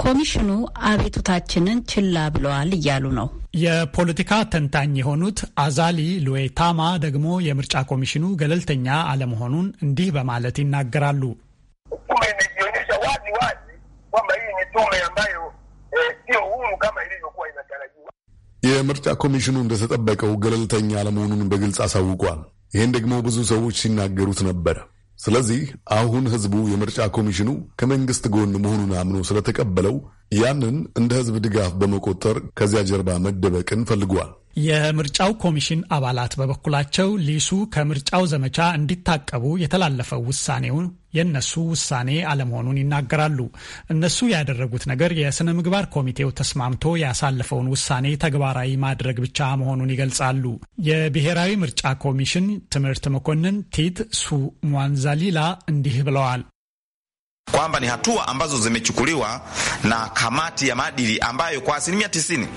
ኮሚሽኑ አቤቱታችንን ችላ ብለዋል እያሉ ነው። የፖለቲካ ተንታኝ የሆኑት አዛሊ ሉዌታማ ደግሞ የምርጫ ኮሚሽኑ ገለልተኛ አለመሆኑን እንዲህ በማለት ይናገራሉ። የምርጫ ኮሚሽኑ እንደተጠበቀው ገለልተኛ አለመሆኑን በግልጽ አሳውቋል። ይህን ደግሞ ብዙ ሰዎች ሲናገሩት ነበረ። ስለዚህ አሁን ህዝቡ የምርጫ ኮሚሽኑ ከመንግስት ጎን መሆኑን አምኖ ስለተቀበለው ያንን እንደ ህዝብ ድጋፍ በመቆጠር ከዚያ ጀርባ መደበቅን ፈልጓል። የምርጫው ኮሚሽን አባላት በበኩላቸው ሊሱ ከምርጫው ዘመቻ እንዲታቀቡ የተላለፈው ውሳኔውን የእነሱ ውሳኔ አለመሆኑን ይናገራሉ። እነሱ ያደረጉት ነገር የስነ ምግባር ኮሚቴው ተስማምቶ ያሳለፈውን ውሳኔ ተግባራዊ ማድረግ ብቻ መሆኑን ይገልጻሉ። የብሔራዊ ምርጫ ኮሚሽን ትምህርት መኮንን ቲት ሱ ሟንዛሊላ እንዲህ ብለዋል kwamba ni hatua ambazo zimechukuliwa na kamati ya maadili ambayo kwa asilimia tisini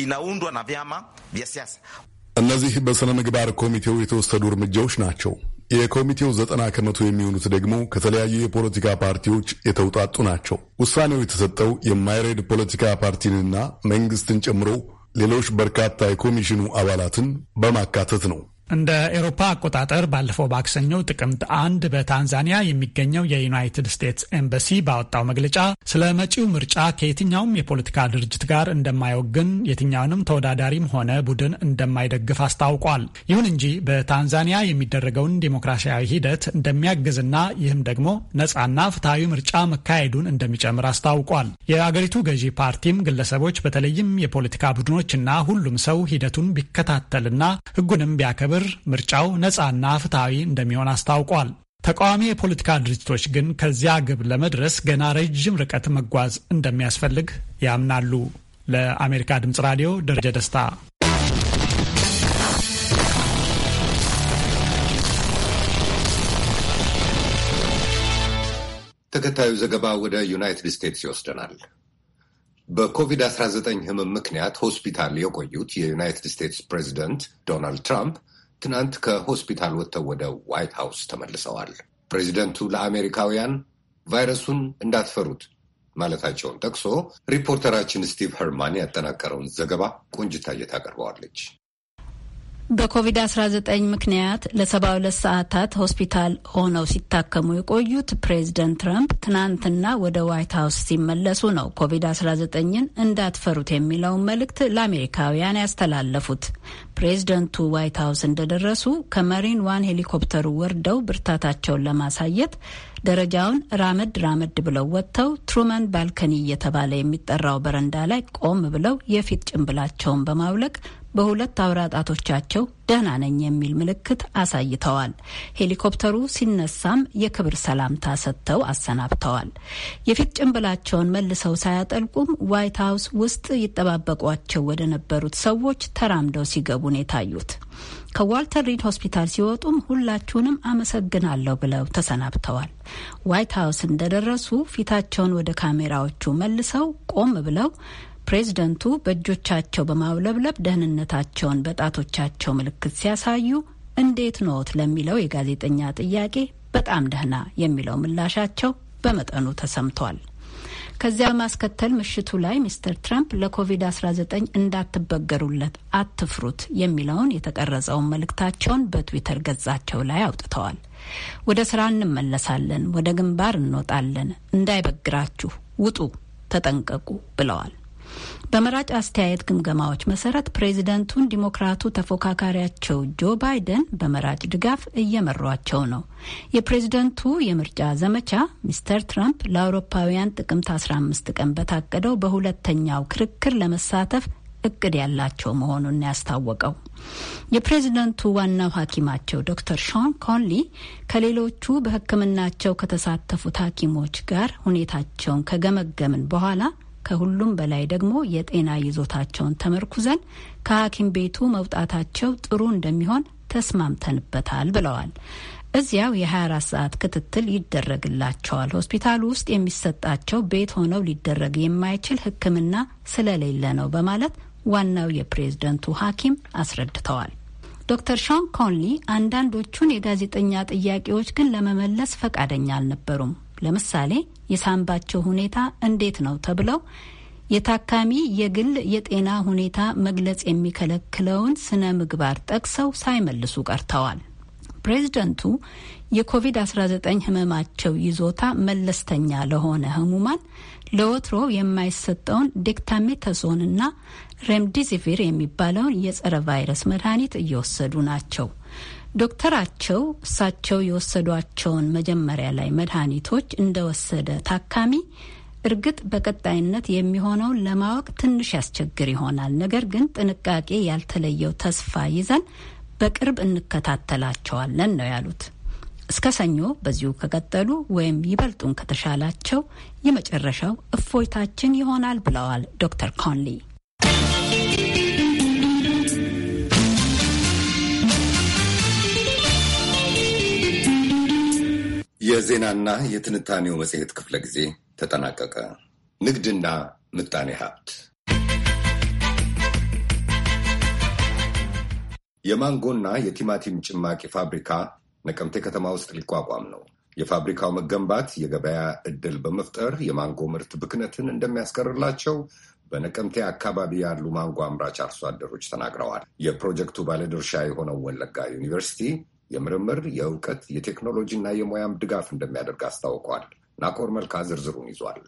inaundwa na vyama እነዚህ በሥነ ምግባር ኮሚቴው የተወሰዱ እርምጃዎች ናቸው። የኮሚቴው ዘጠና ከመቶ የሚሆኑት ደግሞ ከተለያዩ የፖለቲካ ፓርቲዎች የተውጣጡ ናቸው። ውሳኔው የተሰጠው የማይረድ ፖለቲካ ፓርቲንና መንግስትን ጨምሮ ሌሎች በርካታ የኮሚሽኑ አባላትን በማካተት ነው። እንደ ኤሮፓ አቆጣጠር ባለፈው ማክሰኞ ጥቅምት አንድ በታንዛኒያ የሚገኘው የዩናይትድ ስቴትስ ኤምባሲ ባወጣው መግለጫ ስለ መጪው ምርጫ ከየትኛውም የፖለቲካ ድርጅት ጋር እንደማይወግን፣ የትኛውንም ተወዳዳሪም ሆነ ቡድን እንደማይደግፍ አስታውቋል። ይሁን እንጂ በታንዛኒያ የሚደረገውን ዴሞክራሲያዊ ሂደት እንደሚያግዝና ይህም ደግሞ ነጻና ፍትሐዊ ምርጫ መካሄዱን እንደሚጨምር አስታውቋል። የአገሪቱ ገዢ ፓርቲም ግለሰቦች በተለይም የፖለቲካ ቡድኖችና ሁሉም ሰው ሂደቱን ቢከታተልና ህጉንም ቢያከብር ብር ምርጫው ነፃና ፍትሐዊ እንደሚሆን አስታውቋል። ተቃዋሚ የፖለቲካ ድርጅቶች ግን ከዚያ ግብ ለመድረስ ገና ረዥም ርቀት መጓዝ እንደሚያስፈልግ ያምናሉ። ለአሜሪካ ድምፅ ራዲዮ ደረጀ ደስታ። ተከታዩ ዘገባ ወደ ዩናይትድ ስቴትስ ይወስደናል። በኮቪድ-19 ሕመም ምክንያት ሆስፒታል የቆዩት የዩናይትድ ስቴትስ ፕሬዚደንት ዶናልድ ትራምፕ ትናንት ከሆስፒታል ወጥተው ወደ ዋይት ሃውስ ተመልሰዋል። ፕሬዚደንቱ ለአሜሪካውያን ቫይረሱን እንዳትፈሩት ማለታቸውን ጠቅሶ ሪፖርተራችን ስቲቭ ኸርማን ያጠናቀረውን ዘገባ ቆንጅታ እየታቀርበዋለች። በኮቪድ-19 ምክንያት ለ72 ሰዓታት ሆስፒታል ሆነው ሲታከሙ የቆዩት ፕሬዝደንት ትራምፕ ትናንትና ወደ ዋይት ሀውስ ሲመለሱ ነው ኮቪድ-19ን እንዳትፈሩት የሚለውን መልእክት ለአሜሪካውያን ያስተላለፉት። ፕሬዝደንቱ ዋይት ሀውስ እንደደረሱ ከመሪን ዋን ሄሊኮፕተሩ ወርደው ብርታታቸውን ለማሳየት ደረጃውን ራመድ ራመድ ብለው ወጥተው ትሩመን ባልከኒ እየተባለ የሚጠራው በረንዳ ላይ ቆም ብለው የፊት ጭንብላቸውን በማውለቅ በሁለት አውራ ጣቶቻቸው ደህና ነኝ የሚል ምልክት አሳይተዋል። ሄሊኮፕተሩ ሲነሳም የክብር ሰላምታ ሰጥተው አሰናብተዋል። የፊት ጭንብላቸውን መልሰው ሳያጠልቁም ዋይት ሀውስ ውስጥ ይጠባበቋቸው ወደ ነበሩት ሰዎች ተራምደው ሲገቡ ነው የታዩት። ከዋልተር ሪድ ሆስፒታል ሲወጡም ሁላችሁንም አመሰግናለሁ ብለው ተሰናብተዋል። ዋይት ሀውስ እንደደረሱ ፊታቸውን ወደ ካሜራዎቹ መልሰው ቆም ብለው ፕሬዝደንቱ በእጆቻቸው በማውለብለብ ደህንነታቸውን በጣቶቻቸው ምልክት ሲያሳዩ እንዴት ኖት ለሚለው የጋዜጠኛ ጥያቄ በጣም ደህና የሚለው ምላሻቸው በመጠኑ ተሰምቷል። ከዚያ ማስከተል ምሽቱ ላይ ሚስተር ትራምፕ ለኮቪድ-19 እንዳትበገሩለት አትፍሩት የሚለውን የተቀረጸውን መልእክታቸውን በትዊተር ገጻቸው ላይ አውጥተዋል። ወደ ስራ እንመለሳለን፣ ወደ ግንባር እንወጣለን፣ እንዳይበግራችሁ፣ ውጡ፣ ተጠንቀቁ ብለዋል። በመራጭ አስተያየት ግምገማዎች መሰረት ፕሬዚደንቱን ዲሞክራቱ ተፎካካሪያቸው ጆ ባይደን በመራጭ ድጋፍ እየመሯቸው ነው። የፕሬዚደንቱ የምርጫ ዘመቻ ሚስተር ትራምፕ ለአውሮፓውያን ጥቅምት 15 ቀን በታቀደው በሁለተኛው ክርክር ለመሳተፍ እቅድ ያላቸው መሆኑን ያስታወቀው የፕሬዝደንቱ ዋናው ሐኪማቸው ዶክተር ሾን ኮንሊ ከሌሎቹ በሕክምናቸው ከተሳተፉት ሐኪሞች ጋር ሁኔታቸውን ከገመገምን በኋላ ከሁሉም በላይ ደግሞ የጤና ይዞታቸውን ተመርኩዘን ከሐኪም ቤቱ መውጣታቸው ጥሩ እንደሚሆን ተስማምተንበታል ብለዋል። እዚያው የ24 ሰዓት ክትትል ይደረግላቸዋል። ሆስፒታሉ ውስጥ የሚሰጣቸው ቤት ሆነው ሊደረግ የማይችል ሕክምና ስለሌለ ነው በማለት ዋናው የፕሬዝደንቱ ሐኪም አስረድተዋል። ዶክተር ሾን ኮንሊ አንዳንዶቹን የጋዜጠኛ ጥያቄዎች ግን ለመመለስ ፈቃደኛ አልነበሩም። ለምሳሌ የሳንባቸው ሁኔታ እንዴት ነው ተብለው የታካሚ የግል የጤና ሁኔታ መግለጽ የሚከለክለውን ስነ ምግባር ጠቅሰው ሳይመልሱ ቀርተዋል። ፕሬዝደንቱ የኮቪድ-19 ህመማቸው ይዞታ መለስተኛ ለሆነ ህሙማን ለወትሮ የማይሰጠውን ዴክታሜተዞንና ሬምዲዚቪር የሚባለውን የጸረ ቫይረስ መድኃኒት እየወሰዱ ናቸው። ዶክተራቸው እሳቸው የወሰዷቸውን መጀመሪያ ላይ መድኃኒቶች እንደወሰደ ታካሚ እርግጥ በቀጣይነት የሚሆነውን ለማወቅ ትንሽ ያስቸግር ይሆናል። ነገር ግን ጥንቃቄ ያልተለየው ተስፋ ይዘን በቅርብ እንከታተላቸዋለን ነው ያሉት። እስከ ሰኞ በዚሁ ከቀጠሉ ወይም ይበልጡን ከተሻላቸው የመጨረሻው እፎይታችን ይሆናል ብለዋል ዶክተር ኮንሊ። የዜናና የትንታኔው መጽሔት ክፍለ ጊዜ ተጠናቀቀ። ንግድና ምጣኔ ሀብት የማንጎና የቲማቲም ጭማቂ ፋብሪካ ነቀምቴ ከተማ ውስጥ ሊቋቋም ነው። የፋብሪካው መገንባት የገበያ እድል በመፍጠር የማንጎ ምርት ብክነትን እንደሚያስቀርላቸው በነቀምቴ አካባቢ ያሉ ማንጎ አምራች አርሶ አደሮች ተናግረዋል። የፕሮጀክቱ ባለድርሻ የሆነው ወለጋ ዩኒቨርሲቲ የምርምር የእውቀት የቴክኖሎጂና የሙያም ድጋፍ እንደሚያደርግ አስታውቋል። ናኮር መልካ ዝርዝሩን ይዟል።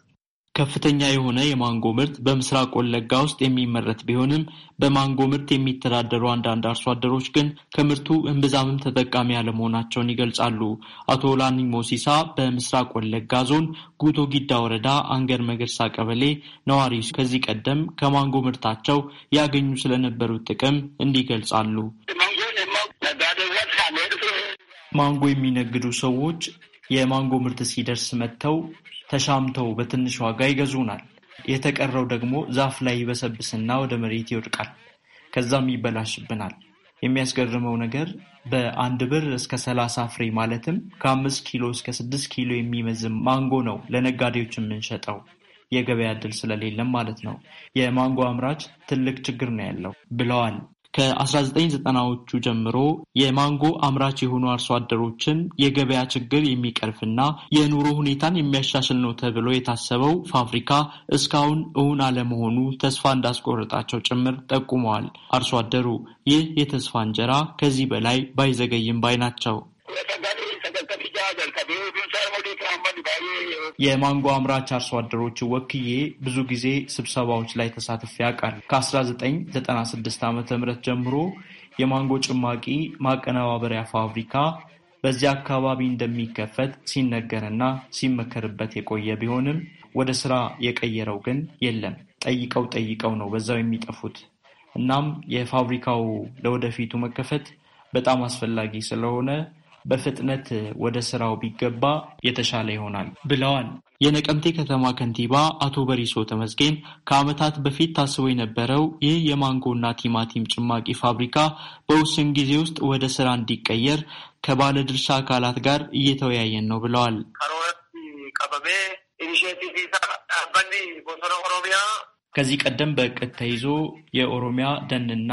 ከፍተኛ የሆነ የማንጎ ምርት በምስራቅ ወለጋ ውስጥ የሚመረት ቢሆንም በማንጎ ምርት የሚተዳደሩ አንዳንድ አርሶ አደሮች ግን ከምርቱ እምብዛምም ተጠቃሚ ያለመሆናቸውን ይገልጻሉ። አቶ ላኒ ሞሲሳ በምስራቅ ወለጋ ዞን ጉቶ ጊዳ ወረዳ አንገር መገርሳ ቀበሌ ነዋሪ ከዚህ ቀደም ከማንጎ ምርታቸው ያገኙ ስለነበሩት ጥቅም እንዲገልጻሉ ማንጎ የሚነግዱ ሰዎች የማንጎ ምርት ሲደርስ መጥተው ተሻምተው በትንሽ ዋጋ ይገዙናል። የተቀረው ደግሞ ዛፍ ላይ ይበሰብስና ወደ መሬት ይወድቃል። ከዛም ይበላሽብናል። የሚያስገርመው ነገር በአንድ ብር እስከ ሰላሳ ፍሬ ማለትም ከአምስት ኪሎ እስከ ስድስት ኪሎ የሚመዝም ማንጎ ነው ለነጋዴዎች የምንሸጠው የገበያ እድል ስለሌለም ማለት ነው። የማንጎ አምራች ትልቅ ችግር ነው ያለው ብለዋል ከ1990ዎቹ ጀምሮ የማንጎ አምራች የሆኑ አርሶ አደሮችን የገበያ ችግር የሚቀርፍና የኑሮ ሁኔታን የሚያሻሽል ነው ተብሎ የታሰበው ፋብሪካ እስካሁን እውን አለመሆኑ ተስፋ እንዳስቆረጣቸው ጭምር ጠቁመዋል። አርሶ አደሩ ይህ የተስፋ እንጀራ ከዚህ በላይ ባይዘገይም ባይ ናቸው። የማንጎ አምራች አርሶ አደሮች ወክዬ ብዙ ጊዜ ስብሰባዎች ላይ ተሳትፌ አውቃለሁ። ከ1996 ዓ ም ጀምሮ የማንጎ ጭማቂ ማቀነባበሪያ ፋብሪካ በዚያ አካባቢ እንደሚከፈት ሲነገርና ሲመከርበት የቆየ ቢሆንም ወደ ስራ የቀየረው ግን የለም። ጠይቀው ጠይቀው ነው በዛው የሚጠፉት። እናም የፋብሪካው ለወደፊቱ መከፈት በጣም አስፈላጊ ስለሆነ በፍጥነት ወደ ስራው ቢገባ የተሻለ ይሆናል ብለዋል። የነቀምቴ ከተማ ከንቲባ አቶ በሪሶ ተመስገን ከዓመታት በፊት ታስቦ የነበረው ይህ የማንጎና ቲማቲም ጭማቂ ፋብሪካ በውስን ጊዜ ውስጥ ወደ ስራ እንዲቀየር ከባለድርሻ አካላት ጋር እየተወያየን ነው ብለዋል። ከዚህ ቀደም በእቅድ ተይዞ የኦሮሚያ ደንና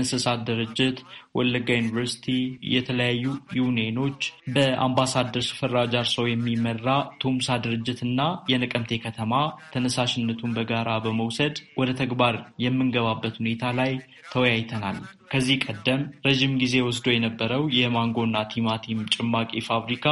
እንስሳት ድርጅት ወለጋ ዩኒቨርሲቲ የተለያዩ ዩኔኖች በአምባሳደር ሽፈራ ጃርሰው የሚመራ ቱምሳ ድርጅትና የነቀምቴ ከተማ ተነሳሽነቱን በጋራ በመውሰድ ወደ ተግባር የምንገባበት ሁኔታ ላይ ተወያይተናል። ከዚህ ቀደም ረዥም ጊዜ ወስዶ የነበረው የማንጎና ቲማቲም ጭማቂ ፋብሪካ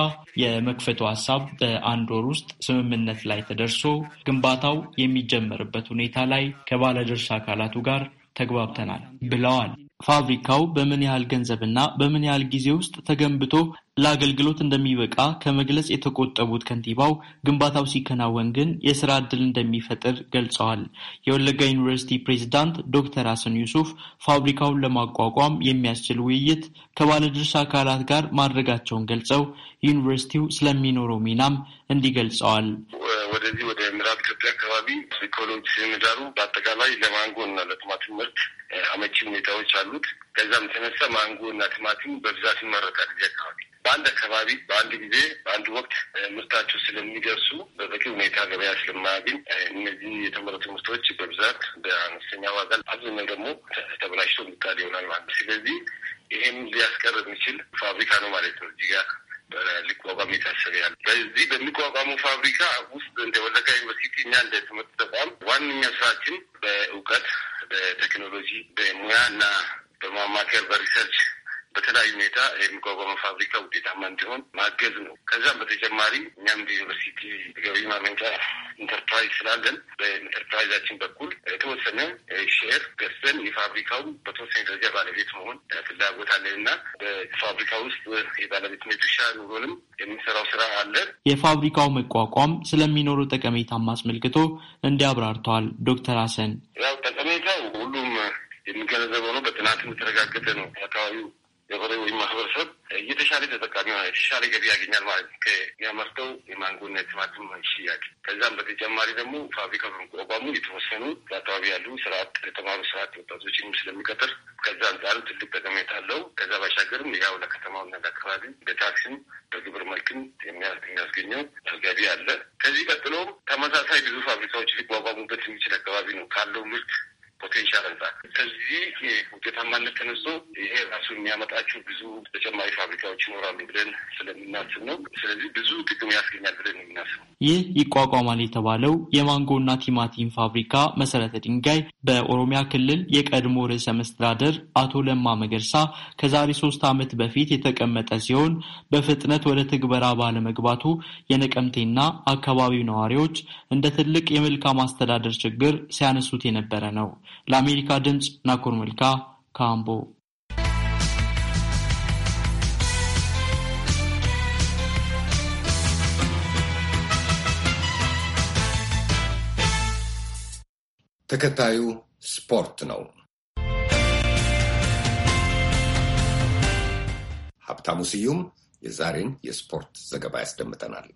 የመክፈቱ ሀሳብ በአንድ ወር ውስጥ ስምምነት ላይ ተደርሶ ግንባታው የሚጀመርበት ሁኔታ ላይ ከባለድርሻ አካላቱ ጋር ተግባብተናል ብለዋል ፋብሪካው በምን ያህል ገንዘብና በምን ያህል ጊዜ ውስጥ ተገንብቶ ለአገልግሎት እንደሚበቃ ከመግለጽ የተቆጠቡት ከንቲባው ግንባታው ሲከናወን ግን የስራ ዕድል እንደሚፈጥር ገልጸዋል። የወለጋ ዩኒቨርሲቲ ፕሬዚዳንት ዶክተር ሀሰን ዩሱፍ ፋብሪካውን ለማቋቋም የሚያስችል ውይይት ከባለድርሻ አካላት ጋር ማድረጋቸውን ገልጸው ዩኒቨርሲቲው ስለሚኖረው ሚናም እንዲህ ገልጸዋል። ወደዚህ ወደ ምዕራብ ኢትዮጵያ አካባቢ ኢኮሎጂ ምህዳሩ በአጠቃላይ ለማንጎ እና ለቲማቲም ምርት አመቺ ሁኔታዎች አሉት። ከዛም የተነሳ ማንጎ እና ቲማቲም በብዛት ይመረታል እዚህ አካባቢ በአንድ አካባቢ በአንድ ጊዜ በአንድ ወቅት ምርታቸው ስለሚደርሱ በበቂ ሁኔታ ገበያ ስለማያገኝ እነዚህ የተመረቱ ምርቶች በብዛት በአነስተኛ ዋጋ አብዛኛው ደግሞ ተበላሽቶ ምጣድ ይሆናል ማለት ስለዚህ ይህም ሊያስቀር የሚችል ፋብሪካ ነው ማለት ነው እዚህ ጋር ሊቋቋም የታሰበ ያለ በዚህ በሚቋቋሙ ፋብሪካ ውስጥ እንደ ወለጋ ዩኒቨርሲቲ እኛ እንደ ትምህርት ተቋም ዋነኛ ስራችን በእውቀት፣ በቴክኖሎጂ፣ በሙያ እና በማማከር በሪሰርች በተለያዩ ሁኔታ የሚቋቋመው ፋብሪካ ውጤታማ እንዲሆን ማገዝ ነው። ከዛም በተጨማሪ እኛም በዩኒቨርሲቲ ገቢ ማመንጫ ኢንተርፕራይዝ ስላለን በኢንተርፕራይዛችን በኩል የተወሰነ ሼር ገዝተን የፋብሪካው በተወሰነ ደረጃ ባለቤት መሆን ፍላጎት አለን እና በፋብሪካ ውስጥ የባለቤትነት ድርሻ ኑሮንም የምንሰራው ስራ አለ። የፋብሪካው መቋቋም ስለሚኖረው ጠቀሜታ አስመልክቶ እንዲህ አብራርተዋል ዶክተር ሀሰን። ያው ጠቀሜታው ሁሉም የሚገነዘበው ነው። በጥናትም የተረጋገጠ ነው። አካባቢው ገበሬ ወይም ማህበረሰብ የተሻለ ተጠቃሚ ሆነ የተሻለ ገቢ ያገኛል ማለት ነው። ከሚያመርተው የማንጎና የቲማቲም ሽያጭ ከዛም በተጨማሪ ደግሞ ፋብሪካ በመቋቋሙ የተወሰኑ በአካባቢ ያሉ ስርዓት የተማሩ ስርዓት ወጣቶችንም ስለሚቀጥር ከዛ አንጻር ትልቅ ጠቀሜታ አለው። ከዛ ባሻገርም ያው ለከተማውና ለአካባቢ በታክስም በግብር መልክም የሚያስገኘው ገቢ አለ። ከዚህ ቀጥሎም ተመሳሳይ ብዙ ፋብሪካዎች ሊቋቋሙበት የሚችል አካባቢ ነው ካለው ምርት ፖቴንሻል አንጻር ከዚህ ውጤታማነት ተነስቶ ይሄ ራሱ የሚያመጣቸው ብዙ ተጨማሪ ፋብሪካዎች ይኖራሉ ብለን ስለምናስብ ነው። ስለዚህ ብዙ ጥቅም ያስገኛል ብለን ነው ይህ ይቋቋማል የተባለው የማንጎና ቲማቲም ፋብሪካ መሰረተ ድንጋይ በኦሮሚያ ክልል የቀድሞ ርዕሰ መስተዳደር አቶ ለማ መገርሳ ከዛሬ ሶስት ዓመት በፊት የተቀመጠ ሲሆን በፍጥነት ወደ ትግበራ ባለመግባቱ የነቀምቴና አካባቢው ነዋሪዎች እንደ ትልቅ የመልካም አስተዳደር ችግር ሲያነሱት የነበረ ነው። ለአሜሪካ ድምፅ ናኮር መልካ ካምቦ። ተከታዩ ስፖርት ነው። ሀብታሙ ስዩም የዛሬን የስፖርት ዘገባ ያስደምጠናል።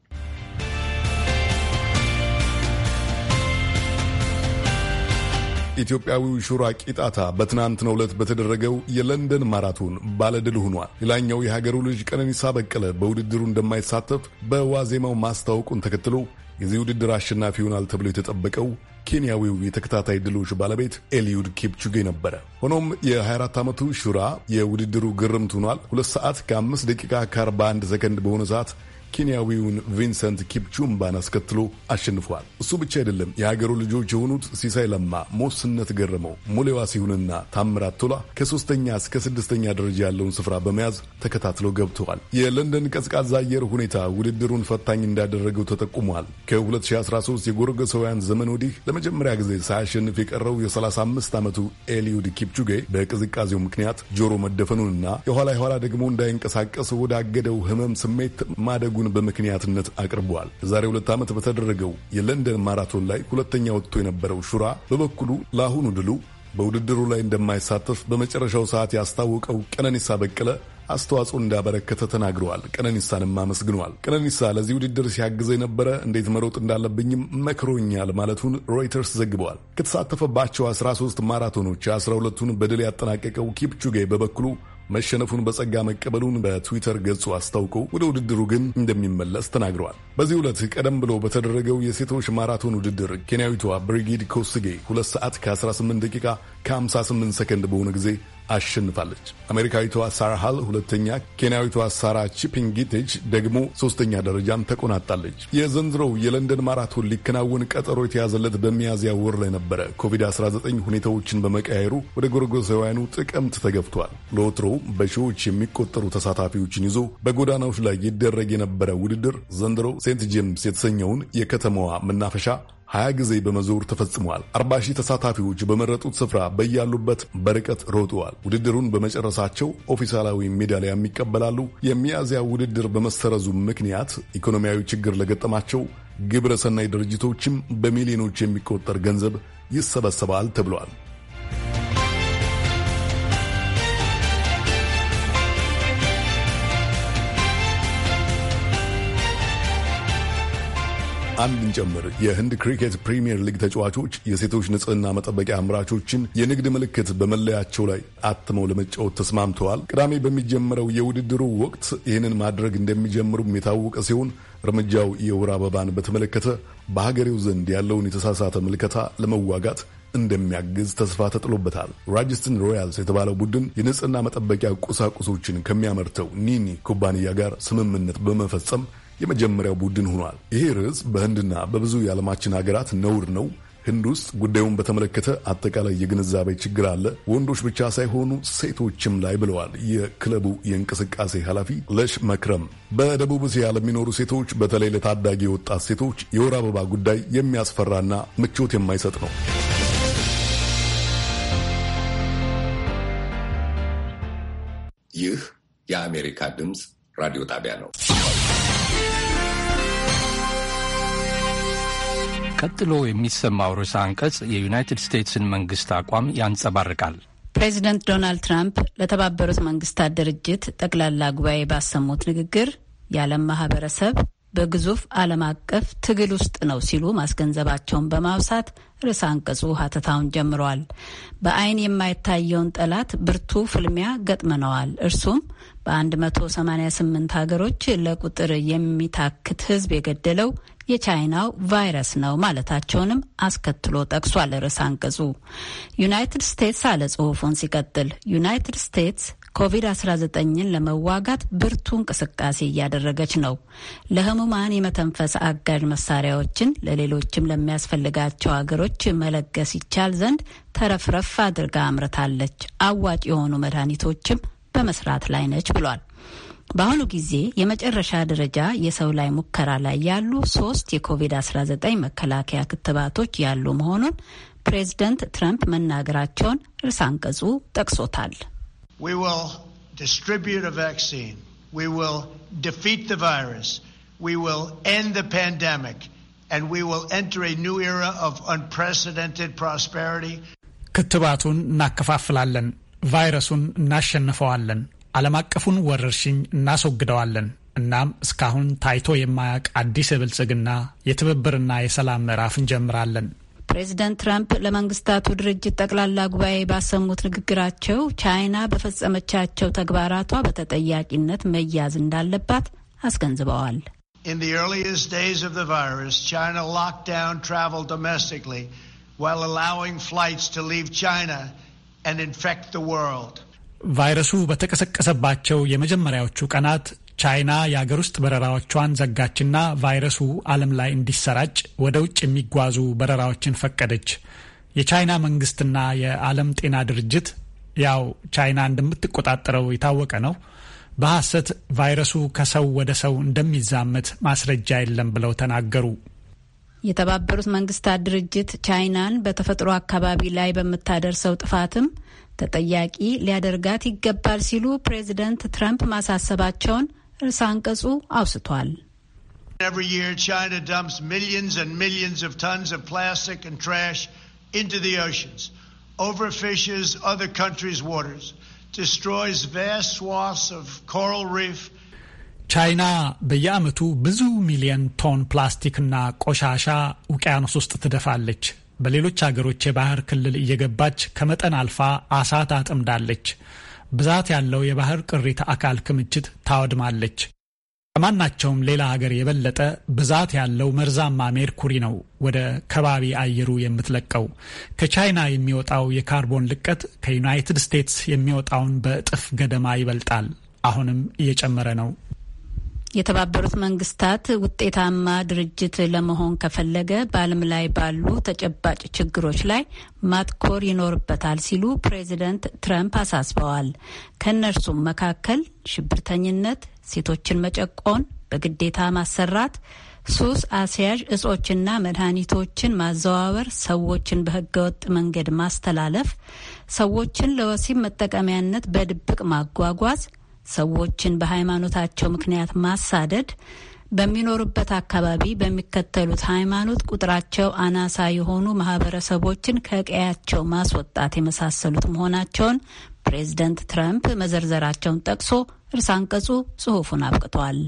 ኢትዮጵያዊው ሹራ ቂጣታ በትናንትናው ዕለት በተደረገው የለንደን ማራቶን ባለድል ሆኗል። ሌላኛው የሀገሩ ልጅ ቀነኒሳ በቀለ በውድድሩ እንደማይሳተፍ በዋዜማው ማስታወቁን ተከትሎ የዚህ ውድድር አሸናፊ ይሆናል ተብሎ የተጠበቀው ኬንያዊው የተከታታይ ድሎች ባለቤት ኤልዩድ ኬፕቹጌ ነበረ። ሆኖም የ24 ዓመቱ ሹራ የውድድሩ ግርምት ሆኗል። ሁለት ሰዓት ከ5 ደቂቃ ከ41 ሰከንድ በሆነ ሰዓት ኬንያዊውን ቪንሰንት ኪፕቹምባን አስከትሎ አሸንፏል። እሱ ብቻ አይደለም። የሀገሩ ልጆች የሆኑት ሲሳይ ለማ፣ ሞስነት ገረመው፣ ሙሌዋ ሲሁንና ታምራት ቶላ ከሶስተኛ እስከ ስድስተኛ ደረጃ ያለውን ስፍራ በመያዝ ተከታትለው ገብተዋል። የለንደን ቀዝቃዛ አየር ሁኔታ ውድድሩን ፈታኝ እንዳደረገው ተጠቁሟል። ከ2013 የጎረገሰውያን ዘመን ወዲህ ለመጀመሪያ ጊዜ ሳያሸንፍ የቀረው የ35 ዓመቱ ኤልዩድ ኪፕቹጌ በቅዝቃዜው ምክንያት ጆሮ መደፈኑንና የኋላ የኋላ ደግሞ እንዳይንቀሳቀስ ወዳገደው ህመም ስሜት ማደጉ ማድረጉን በምክንያትነት አቅርበዋል። የዛሬ ሁለት ዓመት በተደረገው የለንደን ማራቶን ላይ ሁለተኛ ወጥቶ የነበረው ሹራ በበኩሉ ለአሁኑ ድሉ በውድድሩ ላይ እንደማይሳተፍ በመጨረሻው ሰዓት ያስታወቀው ቀነኒሳ በቀለ አስተዋጽኦ እንዳበረከተ ተናግረዋል። ቀነኒሳንም አመስግነዋል። ቀነኒሳ ለዚህ ውድድር ሲያግዘ የነበረ እንዴት መሮጥ እንዳለብኝም መክሮኛል ማለቱን ሮይተርስ ዘግበዋል። ከተሳተፈባቸው 13 ማራቶኖች 12ቱን በድል ያጠናቀቀው ኪፕቹጌ በበኩሉ መሸነፉን በጸጋ መቀበሉን በትዊተር ገጹ አስታውቆ ወደ ውድድሩ ግን እንደሚመለስ ተናግረዋል። በዚህ ዕለት ቀደም ብሎ በተደረገው የሴቶች ማራቶን ውድድር ኬንያዊቷ ብሪጊድ ኮስጌ 2 ሰዓት ከ18 ደቂቃ ከ58 ሰከንድ በሆነ ጊዜ አሸንፋለች። አሜሪካዊቷ ሳራ ሃል ሁለተኛ፣ ኬንያዊቷ ሳራ ቺፒንጊቴች ደግሞ ሶስተኛ ደረጃን ተቆናጣለች። የዘንድሮው የለንደን ማራቶን ሊከናወን ቀጠሮ የተያዘለት በሚያዝያ ወር ላይ ነበረ። ኮቪድ-19 ሁኔታዎችን በመቀያየሩ ወደ ጎርጎሳውያኑ ጥቅምት ተገፍቷል። ለወትሮ በሺዎች የሚቆጠሩ ተሳታፊዎችን ይዞ በጎዳናዎች ላይ ይደረግ የነበረ ውድድር ዘንድሮ ሴንት ጄምስ የተሰኘውን የከተማዋ መናፈሻ ሀያ ጊዜ በመዞር ተፈጽሟል። አርባ ሺህ ተሳታፊዎች በመረጡት ስፍራ በያሉበት በርቀት ሮጠዋል። ውድድሩን በመጨረሳቸው ኦፊሳላዊ ሜዳሊያም ይቀበላሉ። የሚያዝያ ውድድር በመሰረዙ ምክንያት ኢኮኖሚያዊ ችግር ለገጠማቸው ግብረ ሰናይ ድርጅቶችም በሚሊዮኖች የሚቆጠር ገንዘብ ይሰበሰባል ተብሏል። አንድ ጨምር የህንድ ክሪኬት ፕሪሚየር ሊግ ተጫዋቾች የሴቶች ንጽህና መጠበቂያ አምራቾችን የንግድ ምልክት በመለያቸው ላይ አትመው ለመጫወት ተስማምተዋል። ቅዳሜ በሚጀምረው የውድድሩ ወቅት ይህንን ማድረግ እንደሚጀምሩም የታወቀ ሲሆን እርምጃው የወር አበባን በተመለከተ በሀገሬው ዘንድ ያለውን የተሳሳተ ምልከታ ለመዋጋት እንደሚያግዝ ተስፋ ተጥሎበታል። ራጅስትን ሮያልስ የተባለው ቡድን የንጽህና መጠበቂያ ቁሳቁሶችን ከሚያመርተው ኒኒ ኩባንያ ጋር ስምምነት በመፈጸም የመጀመሪያው ቡድን ሆኗል። ይሄ ርዕስ በህንድና በብዙ የዓለማችን ሀገራት ነውር ነው። ህንድ ውስጥ ጉዳዩን በተመለከተ አጠቃላይ የግንዛቤ ችግር አለ፣ ወንዶች ብቻ ሳይሆኑ ሴቶችም ላይ ብለዋል የክለቡ የእንቅስቃሴ ኃላፊ ለሽ መክረም። በደቡብ እስያ ለሚኖሩ ሴቶች በተለይ ለታዳጊ ወጣት ሴቶች የወር አበባ ጉዳይ የሚያስፈራና ምቾት የማይሰጥ ነው። ይህ የአሜሪካ ድምፅ ራዲዮ ጣቢያ ነው። ቀጥሎ የሚሰማው ርዕሰ አንቀጽ የዩናይትድ ስቴትስን መንግስት አቋም ያንጸባርቃል። ፕሬዚደንት ዶናልድ ትራምፕ ለተባበሩት መንግስታት ድርጅት ጠቅላላ ጉባኤ ባሰሙት ንግግር የዓለም ማህበረሰብ በግዙፍ ዓለም አቀፍ ትግል ውስጥ ነው ሲሉ ማስገንዘባቸውን በማውሳት ርዕሰ አንቀጹ ሀተታውን ጀምረዋል። በአይን የማይታየውን ጠላት ብርቱ ፍልሚያ ገጥመነዋል። እርሱም በ188 ሀገሮች ለቁጥር የሚታክት ህዝብ የገደለው የቻይናው ቫይረስ ነው ማለታቸውንም አስከትሎ ጠቅሷል ርዕስ አንቀጹ። ዩናይትድ ስቴትስ አለ ጽሁፉን ሲቀጥል ዩናይትድ ስቴትስ ኮቪድ-19ን ለመዋጋት ብርቱ እንቅስቃሴ እያደረገች ነው። ለህሙማን የመተንፈስ አጋዥ መሳሪያዎችን ለሌሎችም ለሚያስፈልጋቸው አገሮች መለገስ ይቻል ዘንድ ተረፍረፍ አድርጋ አምርታለች። አዋጭ የሆኑ መድኃኒቶችም በመስራት ላይ ነች ብሏል። በአሁኑ ጊዜ የመጨረሻ ደረጃ የሰው ላይ ሙከራ ላይ ያሉ ሶስት የኮቪድ-19 መከላከያ ክትባቶች ያሉ መሆኑን ፕሬዝደንት ትራምፕ መናገራቸውን እርስ አንቀጹ ጠቅሶታል። ክትባቱን እናከፋፍላለን፣ ቫይረሱን እናሸንፈዋለን ዓለም አቀፉን ወረርሽኝ እናስወግደዋለን። እናም እስካሁን ታይቶ የማያውቅ አዲስ የብልጽግና የትብብርና የሰላም ምዕራፍ እንጀምራለን። ፕሬዚደንት ትራምፕ ለመንግስታቱ ድርጅት ጠቅላላ ጉባኤ ባሰሙት ንግግራቸው ቻይና በፈጸመቻቸው ተግባራቷ በተጠያቂነት መያዝ እንዳለባት አስገንዝበዋል። ቻይና ቫይረሱ በተቀሰቀሰባቸው የመጀመሪያዎቹ ቀናት ቻይና የአገር ውስጥ በረራዎቿን ዘጋችና ቫይረሱ ዓለም ላይ እንዲሰራጭ ወደ ውጭ የሚጓዙ በረራዎችን ፈቀደች። የቻይና መንግስትና የዓለም ጤና ድርጅት ያው ቻይና እንደምትቆጣጠረው የታወቀ ነው፣ በሐሰት ቫይረሱ ከሰው ወደ ሰው እንደሚዛመት ማስረጃ የለም ብለው ተናገሩ። የተባበሩት መንግስታት ድርጅት ቻይናን በተፈጥሮ አካባቢ ላይ በምታደርሰው ጥፋትም ተጠያቂ ሊያደርጋት ይገባል ሲሉ ፕሬዚደንት ትራምፕ ማሳሰባቸውን እርሳ አንቀጹ አውስቷል። ቻይና በየዓመቱ ብዙ ሚሊዮን ቶን ፕላስቲክና ቆሻሻ ውቅያኖስ ውስጥ ትደፋለች። በሌሎች አገሮች የባህር ክልል እየገባች ከመጠን አልፋ አሳ ታጠምዳለች። ብዛት ያለው የባህር ቅሪተ አካል ክምችት ታወድማለች። ከማናቸውም ሌላ ሀገር የበለጠ ብዛት ያለው መርዛማ ሜርኩሪ ነው ወደ ከባቢ አየሩ የምትለቀው። ከቻይና የሚወጣው የካርቦን ልቀት ከዩናይትድ ስቴትስ የሚወጣውን በእጥፍ ገደማ ይበልጣል። አሁንም እየጨመረ ነው። የተባበሩት መንግስታት ውጤታማ ድርጅት ለመሆን ከፈለገ በዓለም ላይ ባሉ ተጨባጭ ችግሮች ላይ ማትኮር ይኖርበታል ሲሉ ፕሬዚደንት ትረምፕ አሳስበዋል። ከእነርሱም መካከል ሽብርተኝነት፣ ሴቶችን መጨቆን፣ በግዴታ ማሰራት ሱስ አስያዥ እጾችና መድኃኒቶችን ማዘዋወር፣ ሰዎችን በህገወጥ መንገድ ማስተላለፍ፣ ሰዎችን ለወሲብ መጠቀሚያነት በድብቅ ማጓጓዝ፣ ሰዎችን በሃይማኖታቸው ምክንያት ማሳደድ በሚኖሩበት አካባቢ በሚከተሉት ሃይማኖት ቁጥራቸው አናሳ የሆኑ ማህበረሰቦችን ከቀያቸው ማስወጣት የመሳሰሉት መሆናቸውን ፕሬዝደንት ትራምፕ መዘርዘራቸውን ጠቅሶ እርሳ አንቀጹ ጽሑፉን አብቅቷል።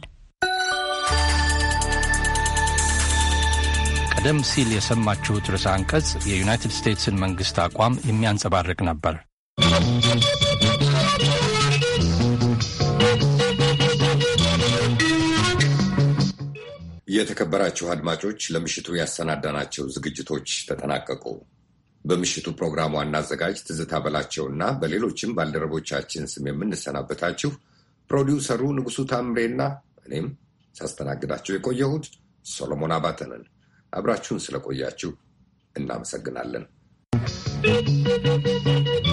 ቀደም ሲል የሰማችሁት ርዕሰ አንቀጽ የዩናይትድ ስቴትስን መንግስት አቋም የሚያንጸባርቅ ነበር። የተከበራችሁ አድማጮች ለምሽቱ ያሰናዳናቸው ዝግጅቶች ተጠናቀቁ። በምሽቱ ፕሮግራም ዋና አዘጋጅ ትዝታ በላቸው እና በሌሎችም ባልደረቦቻችን ስም የምንሰናበታችሁ ፕሮዲውሰሩ ንጉሱ ታምሬና እኔም ሳስተናግዳቸው የቆየሁት ሶሎሞን አባተ ነን። አብራችሁን ስለቆያችሁ እናመሰግናለን።